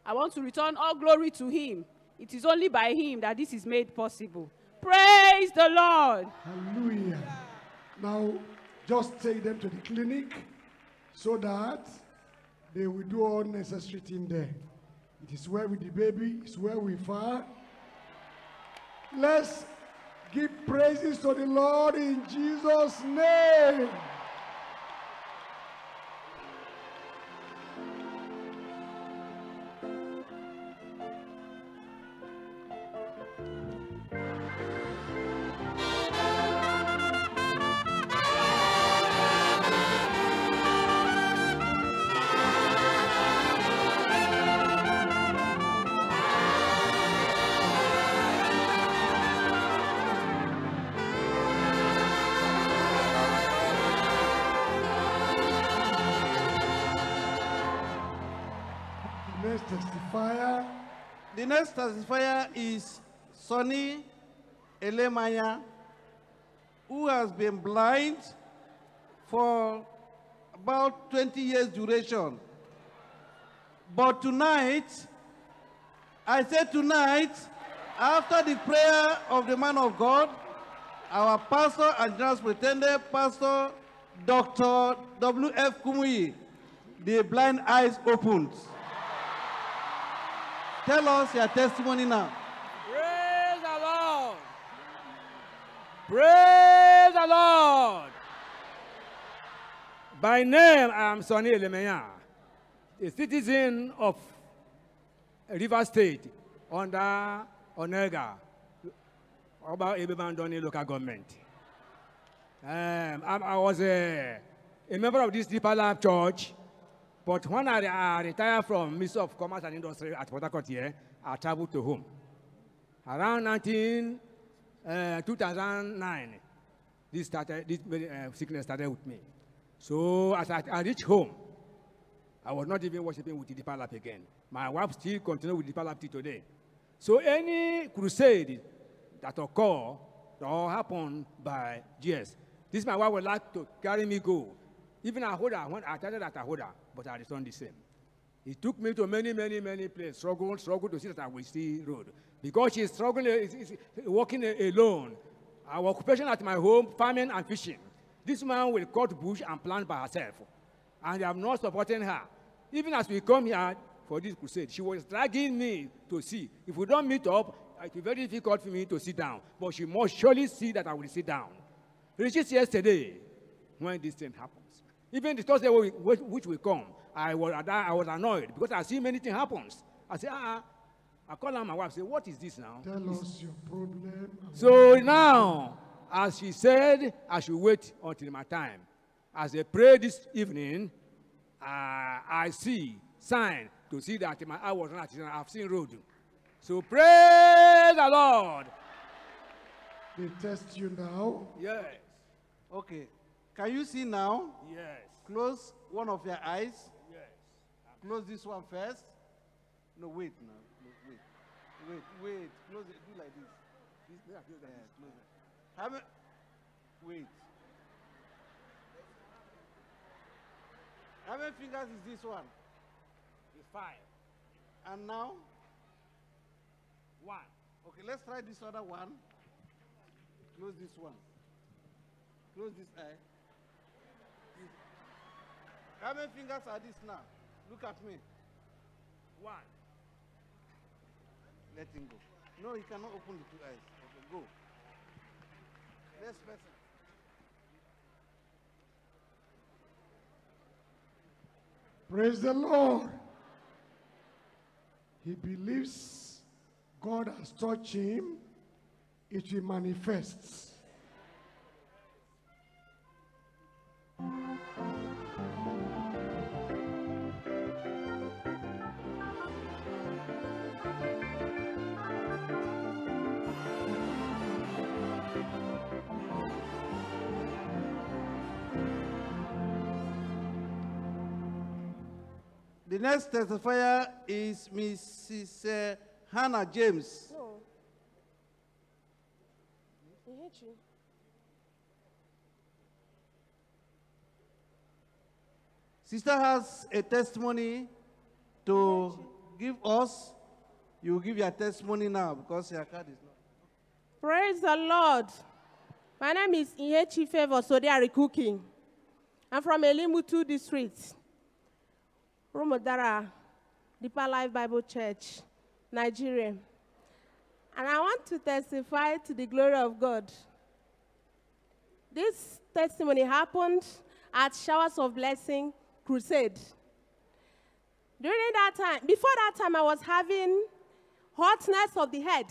Speaker 2: I want to return all glory to Him. It is only by Him that this is made possible. Praise
Speaker 3: the Lord. Hallelujah. Now, just take them to the clinic so that they will do all necessary thing there. It is where with the baby, it's where we fire. Let's give praises to the Lord in Jesus' name.
Speaker 4: next testifier is Sonny Elemaya, who has been blind for about 20 years duration. But tonight, I said tonight, after the prayer of the man of God, our pastor and general pretender, Pastor Dr. W.F. Kumuyi, the blind eyes opened. Tell us your testimony now.
Speaker 6: Praise the Lord. Praise the Lord. By name, I am Sonny Elemeya, a citizen of River State under Onega, About Ebebandoni local government. Um, I, I was a, a member of this Deeper Life Church But when I, I retired from Minister of Commerce and Industry at Port Harcourt here, I traveled to home. Around 19, uh, 2009, this, started, this uh, sickness started with me. So as I, I reached home, I was not even worshiping with the Deeper again. My wife still continue with the Lab till today. So any crusade that occur or happen by GS, this my wife would like to carry me go even Ahoda, when I started at Ahoda, but I returned the same. He took me to many, many, many places, struggle, struggle to see that I will see road. Because she's struggling, is, is, walking alone. Our occupation at my home, farming and fishing. This man will cut bush and plant by herself. And I'm not supporting her. Even as we come here for this crusade, she was dragging me to see. If we don't meet up, it will be very difficult for me to sit down. But she must surely see that I will sit down. just yesterday when this thing happened. Even the Thursday which will come, I was, I was annoyed because I see many things happens. I say, ah, ah. I call her my wife. Say, what is this now? Tell it's, us your problem. So now, as she said, I should wait until my time. As I pray this evening, uh, I see sign to see that my eye was not. I've seen road. So praise the Lord. They
Speaker 4: test you now. Yes. Okay. Can you see now? Yes. Close one of your eyes. Yes. Close this one first. No, wait now. No, wait. Wait, wait. Close it. Do like this. This, yeah, close Close it. Have it. Wait. How many fingers is this one? It's five. And now? One. Okay, let's try this other one. Close this one. Close this eye. How many fingers are this now? Look at me. One. Let him go. No, he cannot open the two eyes. Okay, go. Next person.
Speaker 3: Praise the Lord. He believes God has touched him, it will manifest.
Speaker 4: The next testifier is Mrs. Uh, Hannah James. No. He hit you. Sister has a testimony to give us. You give your testimony now because your card is
Speaker 7: not. Praise the Lord. My name is Ihechi Favor Sodiari Cooking. I'm from Elimutu district. Rumodara, Deeper Life Bible Church, Nigeria. And I want to testify to the glory of God. This testimony happened at Showers of Blessing Crusade. During that time, before that time, I was having hotness of the head.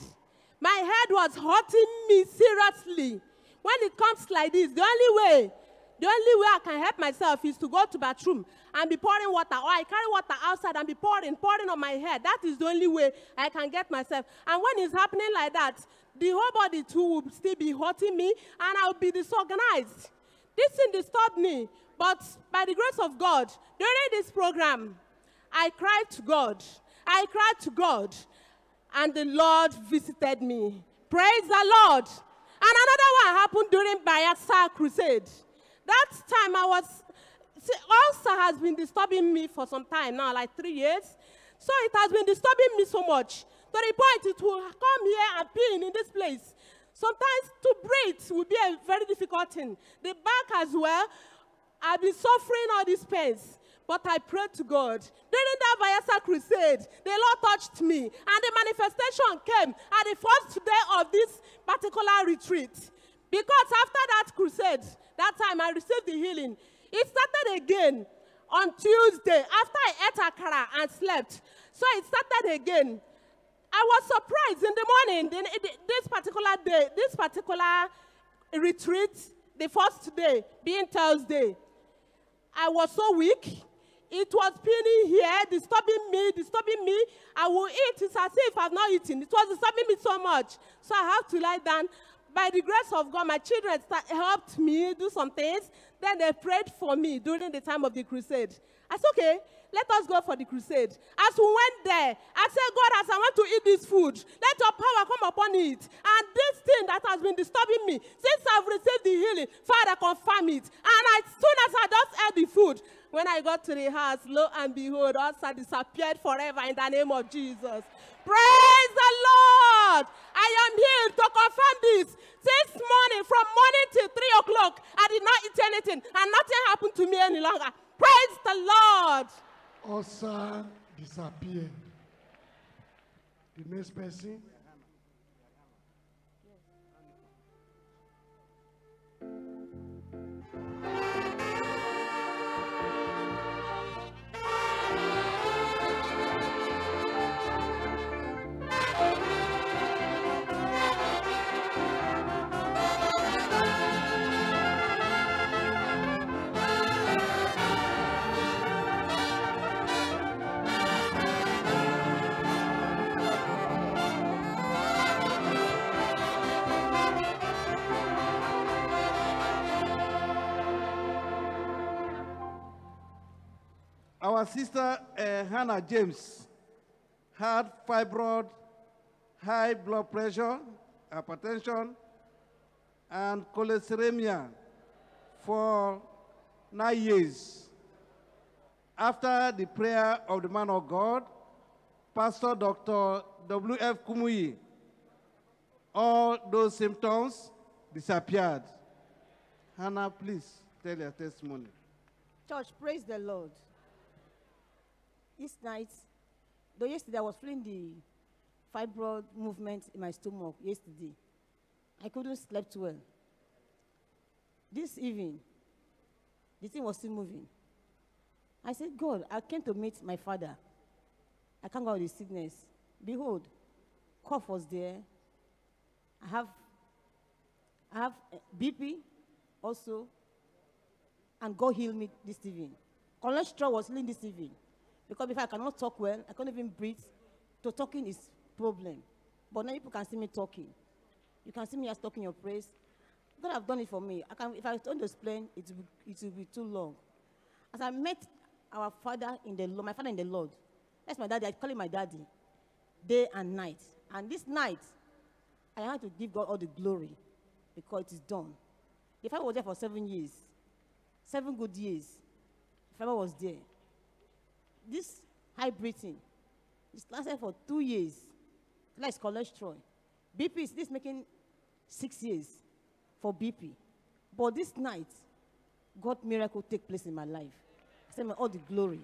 Speaker 7: My head was hurting me seriously. When it comes like this, the only way, the only way I can help myself is to go to bathroom and be pouring water, or I carry water outside and be pouring, pouring on my head. That is the only way I can get myself. And when it's happening like that, the whole body too will still be hurting me, and I'll be disorganized. This thing disturbed me, but by the grace of God, during this program, I cried to God. I cried to God, and the Lord visited me. Praise the Lord. And another one happened during Bayelsa Crusade. That time I was ulcer has been disturbing me for some time now, like three years. So it has been disturbing me so much to the point it will come here and pin in this place. Sometimes to breathe will be a very difficult thing. The back as well. I've been suffering all these pains. But I prayed to God. During that Vyasa crusade, the Lord touched me, and the manifestation came at the first day of this particular retreat. Because after that crusade, that time I received the healing. It started again on Tuesday after I ate akara and slept. So it started again. I was surprised in the morning, in, this particular day, this particular retreat, the first day being Thursday. I was so weak. It was peeing here, disturbing me, disturbing me. I will eat. It's as if I've not eaten. It was disturbing me so much. So I have to lie down by the grace of God, my children helped me do some things. Then they prayed for me during the time of the crusade. I said, okay, let us go for the crusade. As we went there, I said, God, as I want to eat this food, let your power come upon it. And this thing that has been disturbing me since I've received the healing, Father, confirm it. And as soon as I just ate the food, when I got to the house, lo and behold, ulcer disappeared forever in the name of Jesus. Praise the Lord. I am here to confirm this. This morning, from morning till 3 o'clock, I did not eat anything and nothing happened to me any longer. Praise the Lord.
Speaker 3: Ulcer disappeared. The next person. Thank you.
Speaker 4: Our sister uh, Hannah James had fibroid, high blood pressure, hypertension, and cholesteremia for nine years. After the prayer of the man of God, Pastor Dr. W.F. Kumuyi, all those symptoms disappeared. Hannah, please tell your testimony.
Speaker 8: Church, praise the Lord. This night, though yesterday I was feeling the fibroid movement in my stomach yesterday. I couldn't sleep well. This evening, the thing was still moving. I said, God, I came to meet my father. I can't go out with sickness. Behold, cough was there. I have, I have eh, BP also, and God healed me this evening. Cholesterol was healing this evening. Because before I cannot talk well, I can't even breathe. So talking is problem. But now people can see me talking. You can see me as talking your praise. God have done it for me. I can, if I don't explain, it will, it will be too long. As I met our father in the Lord, my father in the Lord, that's my daddy. I call him my daddy, day and night. And this night, I had to give God all the glory because it is done. If I was there for seven years, seven good years, if I was there, this high breathing, it lasted for two years. Like cholesterol. BP is this making six years for BP. But this night, God miracle take place in my life. I say, all the glory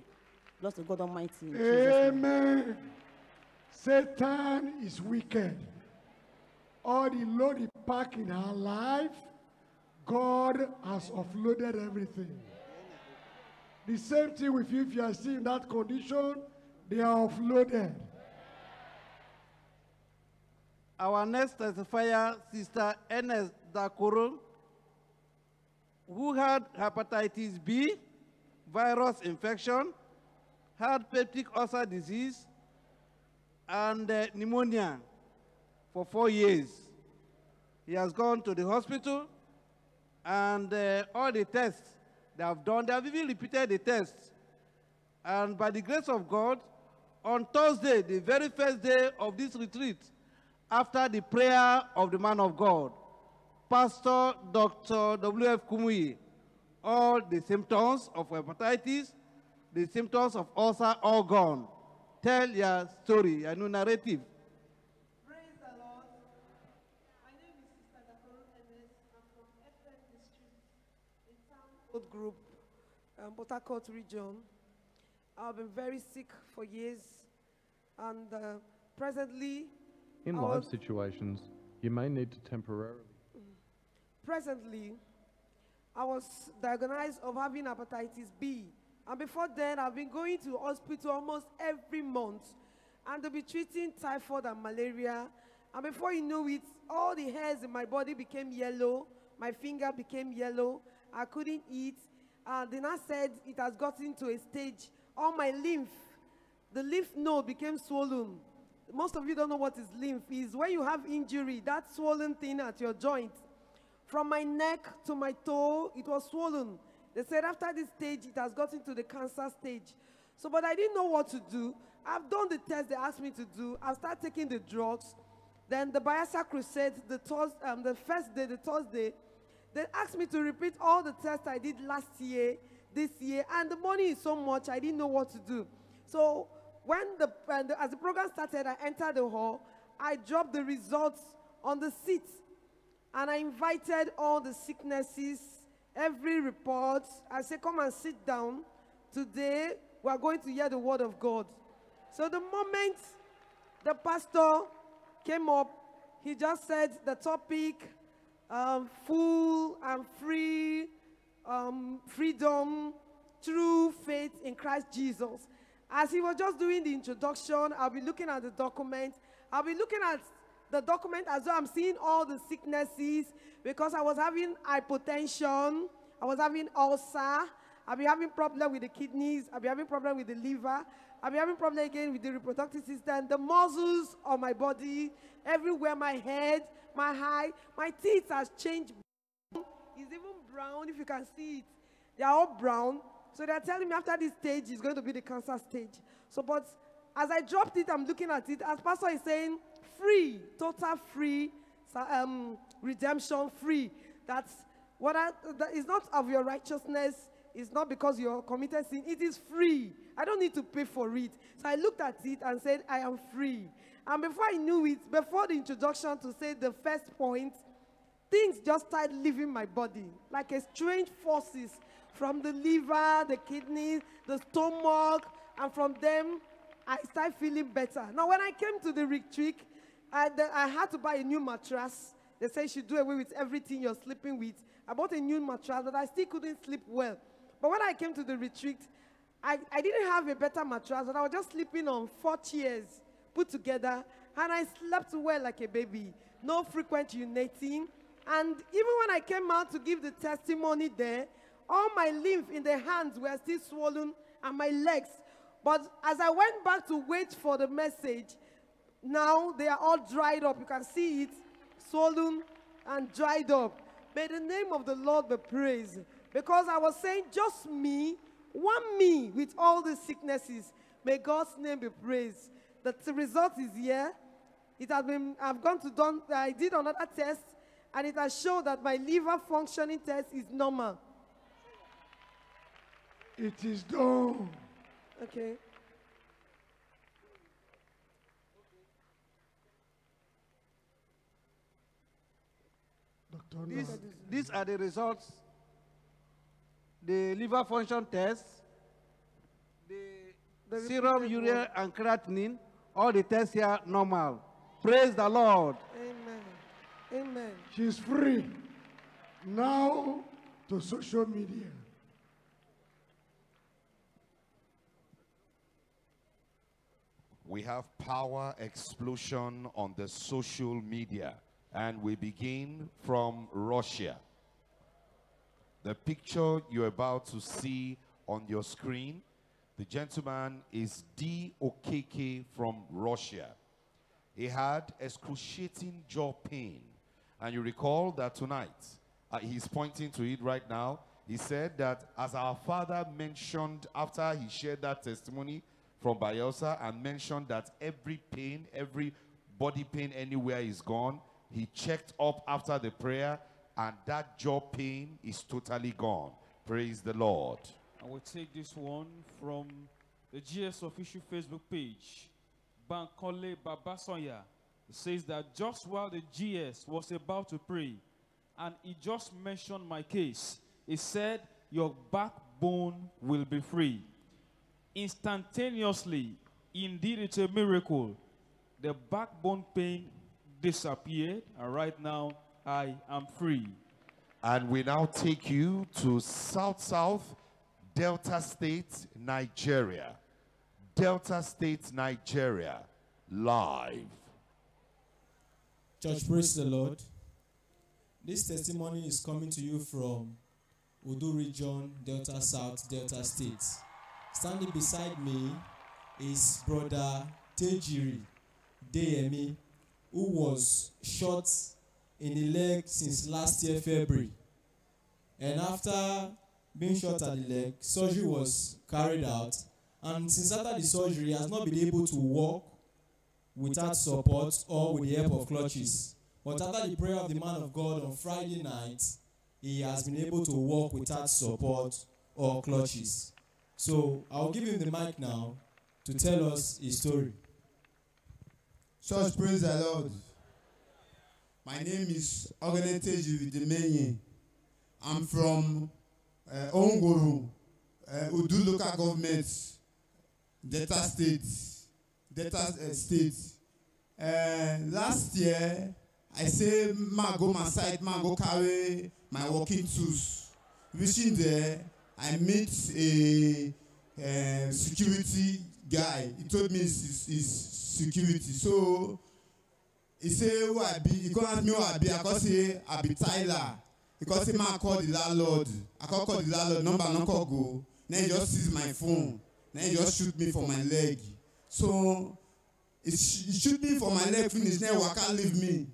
Speaker 8: belongs to God Almighty. Amen.
Speaker 3: Satan is wicked. All the load he packed in her life, God has offloaded everything.
Speaker 4: The same thing with you if you are still in that condition, they are offloaded. Our next testifier, Sister Ernest Dakoro, who had hepatitis B, virus infection, had peptic ulcer disease, and uh, pneumonia for four years. He has gone to the hospital, and uh, all the tests they have done, they have even repeated the test. And by the grace of God, on Thursday, the very first day of this retreat, after the prayer of the man of God, Pastor Dr. W.F. Kumuyi, all the symptoms of hepatitis, the symptoms of ulcer, all gone. Tell your story, your
Speaker 9: narrative. Group, um, Harcourt region. I've been very sick for years, and uh, presently... In life
Speaker 10: situations, you may need to temporarily...
Speaker 9: Presently, I was diagnosed of having hepatitis B. And before then, I've been going to hospital almost every month. And they'll be treating typhoid and malaria. And before you know it, all the hairs in my body became yellow. My finger became yellow. I couldn't eat. And the nurse said it has gotten to a stage, all my lymph, the lymph node became swollen. Most of you don't know what is lymph is. When you have injury, that swollen thing at your joint, from my neck to my toe, it was swollen. They said after this stage, it has gotten to the cancer stage. So, but I didn't know what to do. I've done the test they asked me to do. I've started taking the drugs. Then the Bayasa Crusade, the, th um, the first day, the Thursday, they asked me to repeat all the tests I did last year, this year, and the money is so much, I didn't know what to do. So when the, when the as the program started, I entered the hall, I dropped the results on the seat, and I invited all the sicknesses, every report. I said, come and sit down. Today, we are going to hear the word of God. So the moment the pastor came up, he just said the topic um, full and free um, freedom through faith in Christ Jesus. As he was just doing the introduction, I'll be looking at the document. I'll be looking at the document as though I'm seeing all the sicknesses because I was having hypotension, I was having ulcer, I'll be having problem with the kidneys, I'll be having problem with the liver, I'll be having problem again with the reproductive system, the muscles on my body, everywhere my head, my high my teeth has changed. It's even brown, if you can see it. They are all brown. So they're telling me after this stage is going to be the cancer stage. So, but as I dropped it, I'm looking at it. As Pastor is saying, free, total free, um, redemption free. That's what I, that is not of your righteousness. It's not because you're committed sin. It is free. I don't need to pay for it. So I looked at it and said, I am free. And before I knew it, before the introduction to say the first point, things just started leaving my body like a strange forces from the liver, the kidneys, the stomach, and from them, I started feeling better. Now, when I came to the retreat, I, I had to buy a new mattress. They say you should do away with everything you're sleeping with. I bought a new mattress that I still couldn't sleep well. But when I came to the retreat, I, I didn't have a better mattress, and I was just sleeping on four chairs put together, and I slept well like a baby. No frequent urinating. And even when I came out to give the testimony there, all my lymph in the hands were still swollen and my legs. But as I went back to wait for the message, now they are all dried up. You can see it swollen and dried up. May the name of the Lord be praised. Because I was saying, just me, one me with all the sicknesses. May God's name be praised the result is here. It has been, I've gone to done, I did another test, and it has shown that my liver functioning test is normal. It is done. Okay.
Speaker 3: Doctor,
Speaker 4: these, these are the results. The liver function test, the, the serum urea and creatinine, all the tests here normal. Praise the Lord.
Speaker 9: Amen. Amen.
Speaker 4: She's free
Speaker 3: now to social media.
Speaker 11: We have power explosion on the social media. And we begin from Russia. The picture you're about to see on your screen the gentleman is D. Okeke from Russia. He had excruciating jaw pain. And you recall that tonight, uh, he's pointing to it right now. He said that as our father mentioned after he shared that testimony from Bayelsa and mentioned that every pain, every body pain anywhere is gone, he checked up after the prayer and that jaw pain is totally gone. Praise the Lord.
Speaker 12: I will take this one from the GS official Facebook page. Bankole Babasoya says that just while the GS was about to pray, and he just mentioned my case, he said, your backbone will be free. Instantaneously, indeed it's a miracle, the backbone pain disappeared, and right now I am free.
Speaker 11: And we now take you to South South Delta State, Nigeria. Delta State, Nigeria. Live. Church, praise the Lord. This testimony
Speaker 13: is coming to you from Udu Region, Delta South, Delta State. Standing beside me is Brother Tejiri Deyemi, who was shot in the leg since last year, February. And after being shot at the leg, surgery was carried out, and since after the surgery, he has not been able to walk without support or with the help of clutches. But after the prayer of the man of God on Friday night, he has been able to walk without support or clutches.
Speaker 14: So I'll give him the mic now to tell us his story. Church, praise the Lord. My name is Ogenete Jividemenye. I'm from uh, Ongoro, Udu eh, local government, Delta State, Delta uh, State. Uh, last year, I say, ma go my side, ma go carry my working tools. Reaching there, I meet a, a security guy. He told me he's, he's security. So he say, who I be? He called me who I be. I call say, I be Tyler
Speaker 6: because him I call the landlord. I call, call the landlord number no call go.
Speaker 14: Then he just seize my phone. Then he just shoot me for my leg. So he, shoot me for my leg finish. Then waka leave me.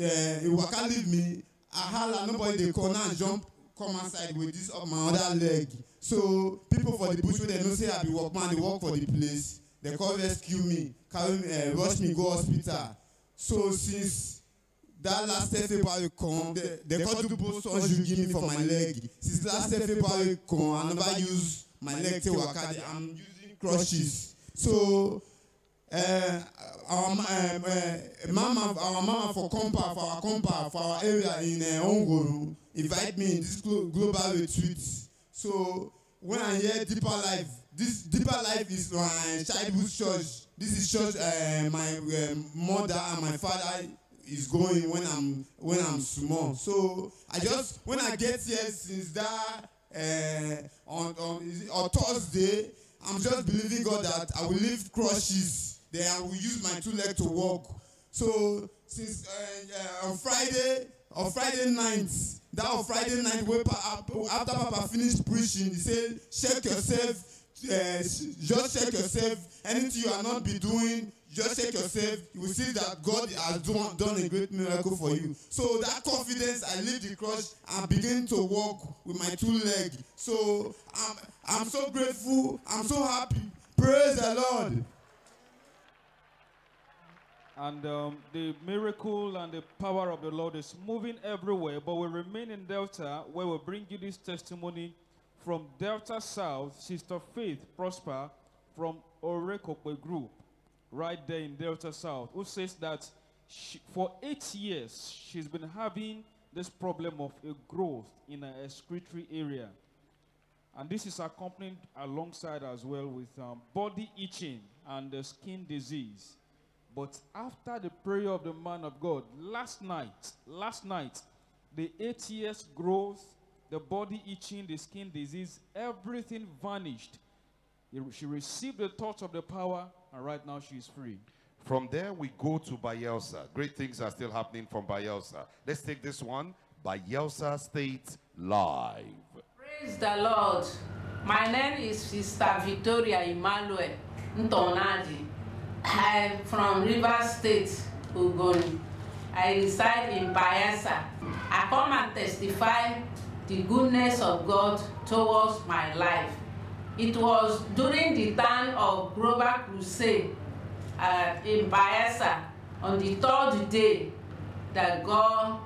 Speaker 14: Uh, eh, he waka leave me. I holla nobody dey call now jump come outside with this up my other leg. So people for the bush wey dem know say I be workman dey work for the place. They come rescue me, carry me, uh, rush me go hospital. So since That last FA par le con, The they cut two posts on you give me for my leg. Since last FA par le con, I never use my leg to waka. I'm using crutches. So uh, our um, uh, um, uh, mama our mama for compa for our compa for our area in uh, Ongoro invite me in this global retreat so when I hear deeper life this deeper life is my childhood church this is church uh, my uh, mother and my father is going when I'm when I'm small. Mm. So I just when I get here since that uh, on on, on Thursday, I'm just believing God that I will lift crushes. Then I will use my two legs to walk. So since uh, uh, on Friday on Friday night that on Friday night wey pa after papa finish preaching he say check yourself uh, just check yourself anything you are not be doing just check yourself, you will see that God has done, done a great miracle for you. So that confidence, I leave the cross and begin to walk with my two legs. So I'm, I'm so grateful. I'm so happy. Praise the Lord.
Speaker 12: And um, the miracle and the power of the Lord is moving everywhere, but we remain in Delta where we bring you this testimony from Delta South, Sister Faith Prosper from Orekope Group right there in Delta South, who says that she, for eight years she's been having this problem of a growth in a excretory area. And this is accompanied alongside as well with um, body itching and uh, skin disease. But after the prayer of the man of God, last night, last night, the eight years growth, the body itching, the skin disease, everything
Speaker 11: vanished. She received the touch of the power and right now she is free. From there, we go to Bayelsa. Great things are still happening from Bayelsa. Let's take this one Bayelsa State Live.
Speaker 15: Praise the Lord. My name is Sister Victoria Emmanuel Ntonadi. I'm from River State, Ogoni. I reside in Bayelsa. I come and testify the goodness of God towards my life. It was during the time of Global Crusade uh, in Bayelsa on the third day that God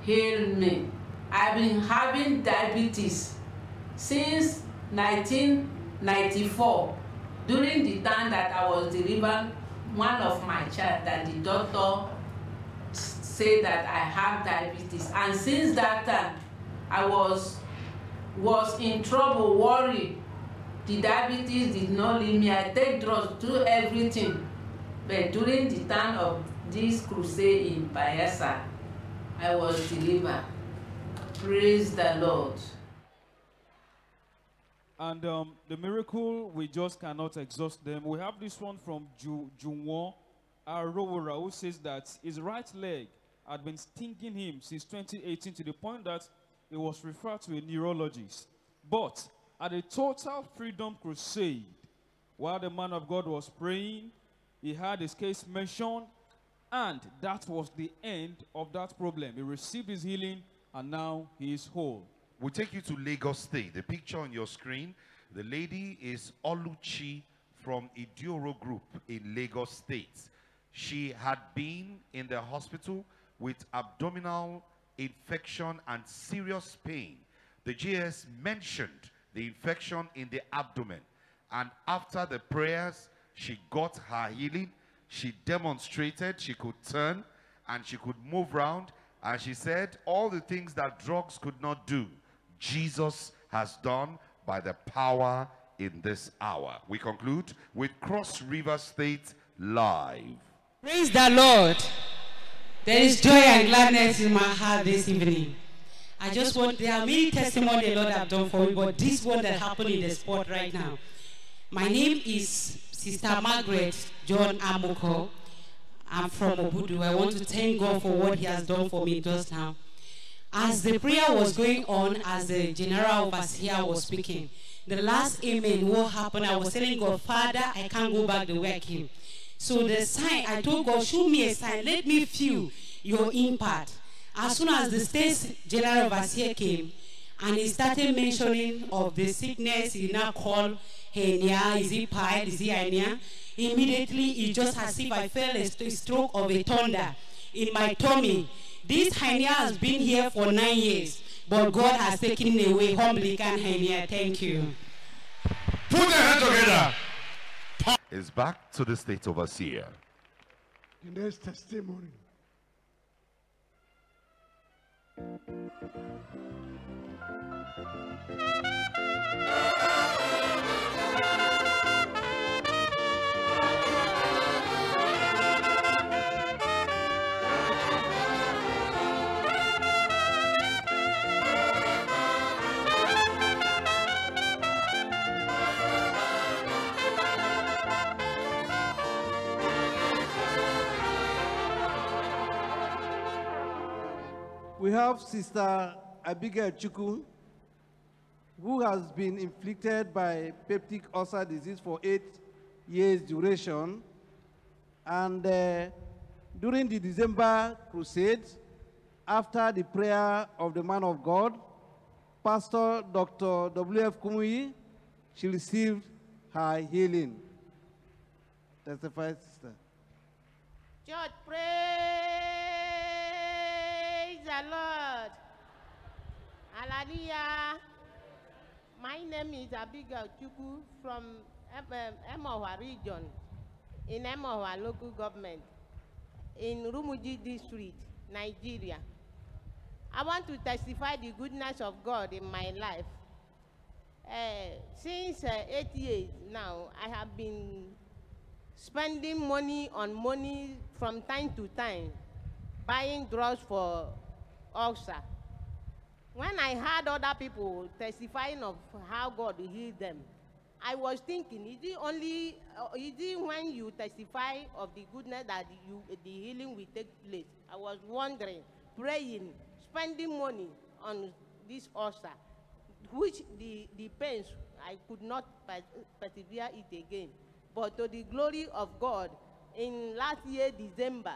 Speaker 15: healed me. I've been having diabetes since 1994 during the time that I was delivering one of my child that the doctor said that I have diabetes and since that time I was was in trouble worried The diabetes did not leave me. I take drugs, do everything. But during the time of this crusade in Bayelsa, I was delivered. Praise the Lord.
Speaker 12: And um, the miracle, we just cannot exhaust them. We have this one from Ju Junwon Arowora, who says that his right leg had been stinging him since 2018 to the point that he was referred to a neurologist. But at a total freedom crusade, while the man of God was praying, he had his case mentioned, and that was the end of that problem. He received his healing,
Speaker 11: and now he is whole. We'll take you to Lagos State. The picture on your screen, the lady is Oluchi from Idioro Group in Lagos State. She had been in the hospital with abdominal infection and serious pain. The GS mentioned the infection in the abdomen. And after the prayers, she got her healing. She demonstrated she could turn and she could move around. And she said all the things that drugs could not do, Jesus has done by the power in this hour. We conclude with Cross River State Live. Praise the
Speaker 10: Lord. There is joy and gladness in my heart this evening. I just want, there are many testimonies the Lord have done for me, but this one that happened in the sport right now. My name is Sister Margaret John Amoko. I'm from Obudu. I want to thank God for what he has done for me just now. As the prayer was going on, as the general here was speaking, the last amen, what happened, I was telling God, Father, I can't go back the way I came. So the sign, I told God, show me a sign, let me feel your impact. As soon as the state general overseer came and he started mentioning of the sickness, he now called hernia, is he pile, is he hernia? Immediately, it just as if I felt a stroke of a thunder in my tummy. This hernia has been here for nine years, but God has taken away. Humbly can hernia. Thank you.
Speaker 3: Put your hands together.
Speaker 11: It's back to the state overseer.
Speaker 3: In this testimony. Música
Speaker 4: We have Sister Abigail Chiku, who has been inflicted by peptic ulcer disease for eight years duration. And uh, during the December crusade, after the prayer of the man of God, Pastor Dr. W.F. Kumui, she received her healing. Testify, sister.
Speaker 16: George, pray. Praise the Lord. Hallelujah. My name is Abigail Chuku from um, um, Emohua region in Emohua local government in Rumuji district, Nigeria. I want to testify the goodness of God in my life. Uh, since uh, eight years now, I have been spending money on money from time to time, buying drugs for ulcer. When I heard other people testifying of how God healed them, I was thinking, is it only, uh, is it when you testify of the goodness that you, the healing will take place? I was wondering, praying, spending money on this ulcer, which the, the pains, I could not persevere it again. But to the glory of God, in last year, December,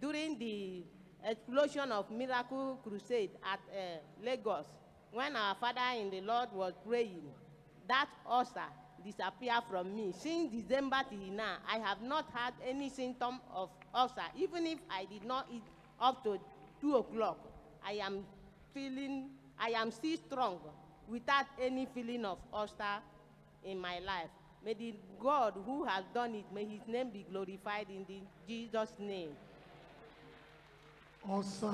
Speaker 16: during the explosion of Miracle Crusade at uh, Lagos, when our father in the Lord was praying, that ulcer disappeared from me. Since December till now, I have not had any symptom of ulcer. Even if I did not eat up to 2 o'clock, I am feeling, I am still strong without any feeling of ulcer in my life. May the God who has done it, may his name be glorified in the Jesus' name.
Speaker 3: ọ̀sà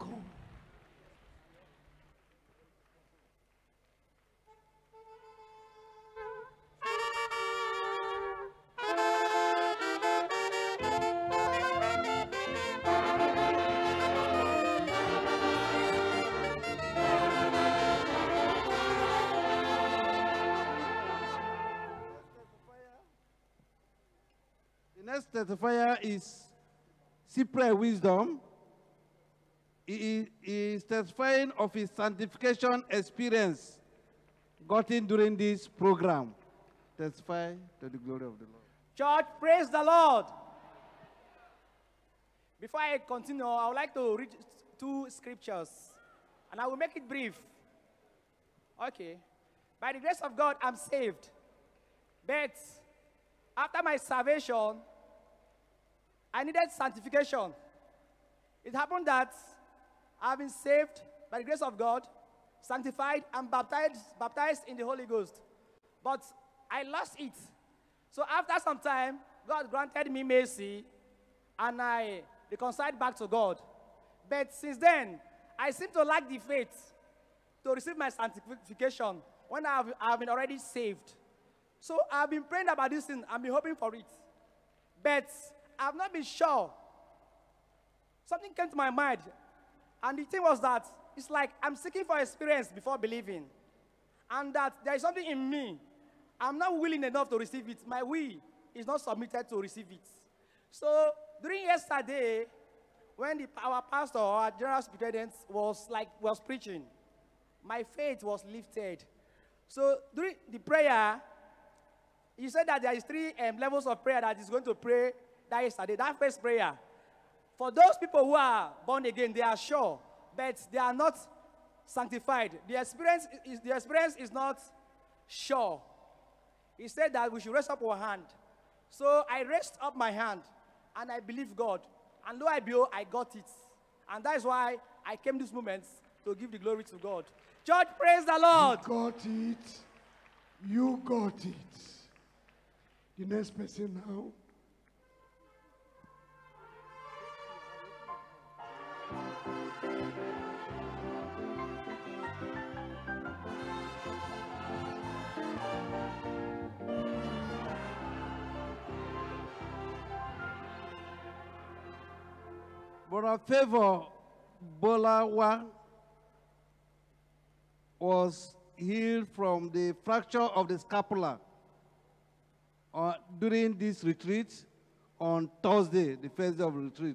Speaker 3: kan.
Speaker 4: The next is simple wisdom. He is testifying of his sanctification experience gotten during this program. Testify to the glory of the Lord.
Speaker 13: Church, praise the Lord. Before I continue, I would like to read two scriptures and I will make it brief. Okay. By the grace of God, I'm saved. But after my salvation, I needed sanctification. It happened that I've been saved by the grace of God, sanctified, and baptized, baptized in the Holy Ghost. But I lost it. So after some time, God granted me mercy, and I reconciled back to God. But since then, I seem to lack the faith to receive my sanctification when I've, I've been already saved. So I've been praying about this thing. I've been hoping for it. But I've not been sure. Something came to my mind. And the thing was that it's like I'm seeking for experience before believing. And that there is something in me. I'm not willing enough to receive it. My will is not submitted to receive it. So during yesterday, when the, our pastor, our general superintendent, was like was preaching, my faith was lifted. So during the prayer, he said that there is three um, levels of prayer that is going to pray that yesterday, that first prayer. For those people who are born again, they are sure, but they are not sanctified. The experience is, the experience is not sure. He said that we should raise up our hand. So I raised up my hand and I believe God. And lo I behold, I got it. And that is why I came this moment to give the glory to God. Church, praise the Lord. You got it.
Speaker 3: You got it. The next person now.
Speaker 4: But our favor, Bolawa, was healed from the fracture of the scapula uh, during this retreat on Thursday, the first day of retreat.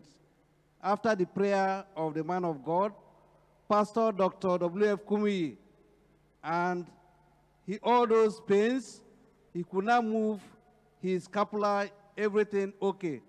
Speaker 4: After the prayer of the man of God, Pastor Dr. W.F. Kumi, and he all those pains, he could not move his scapula, everything okay.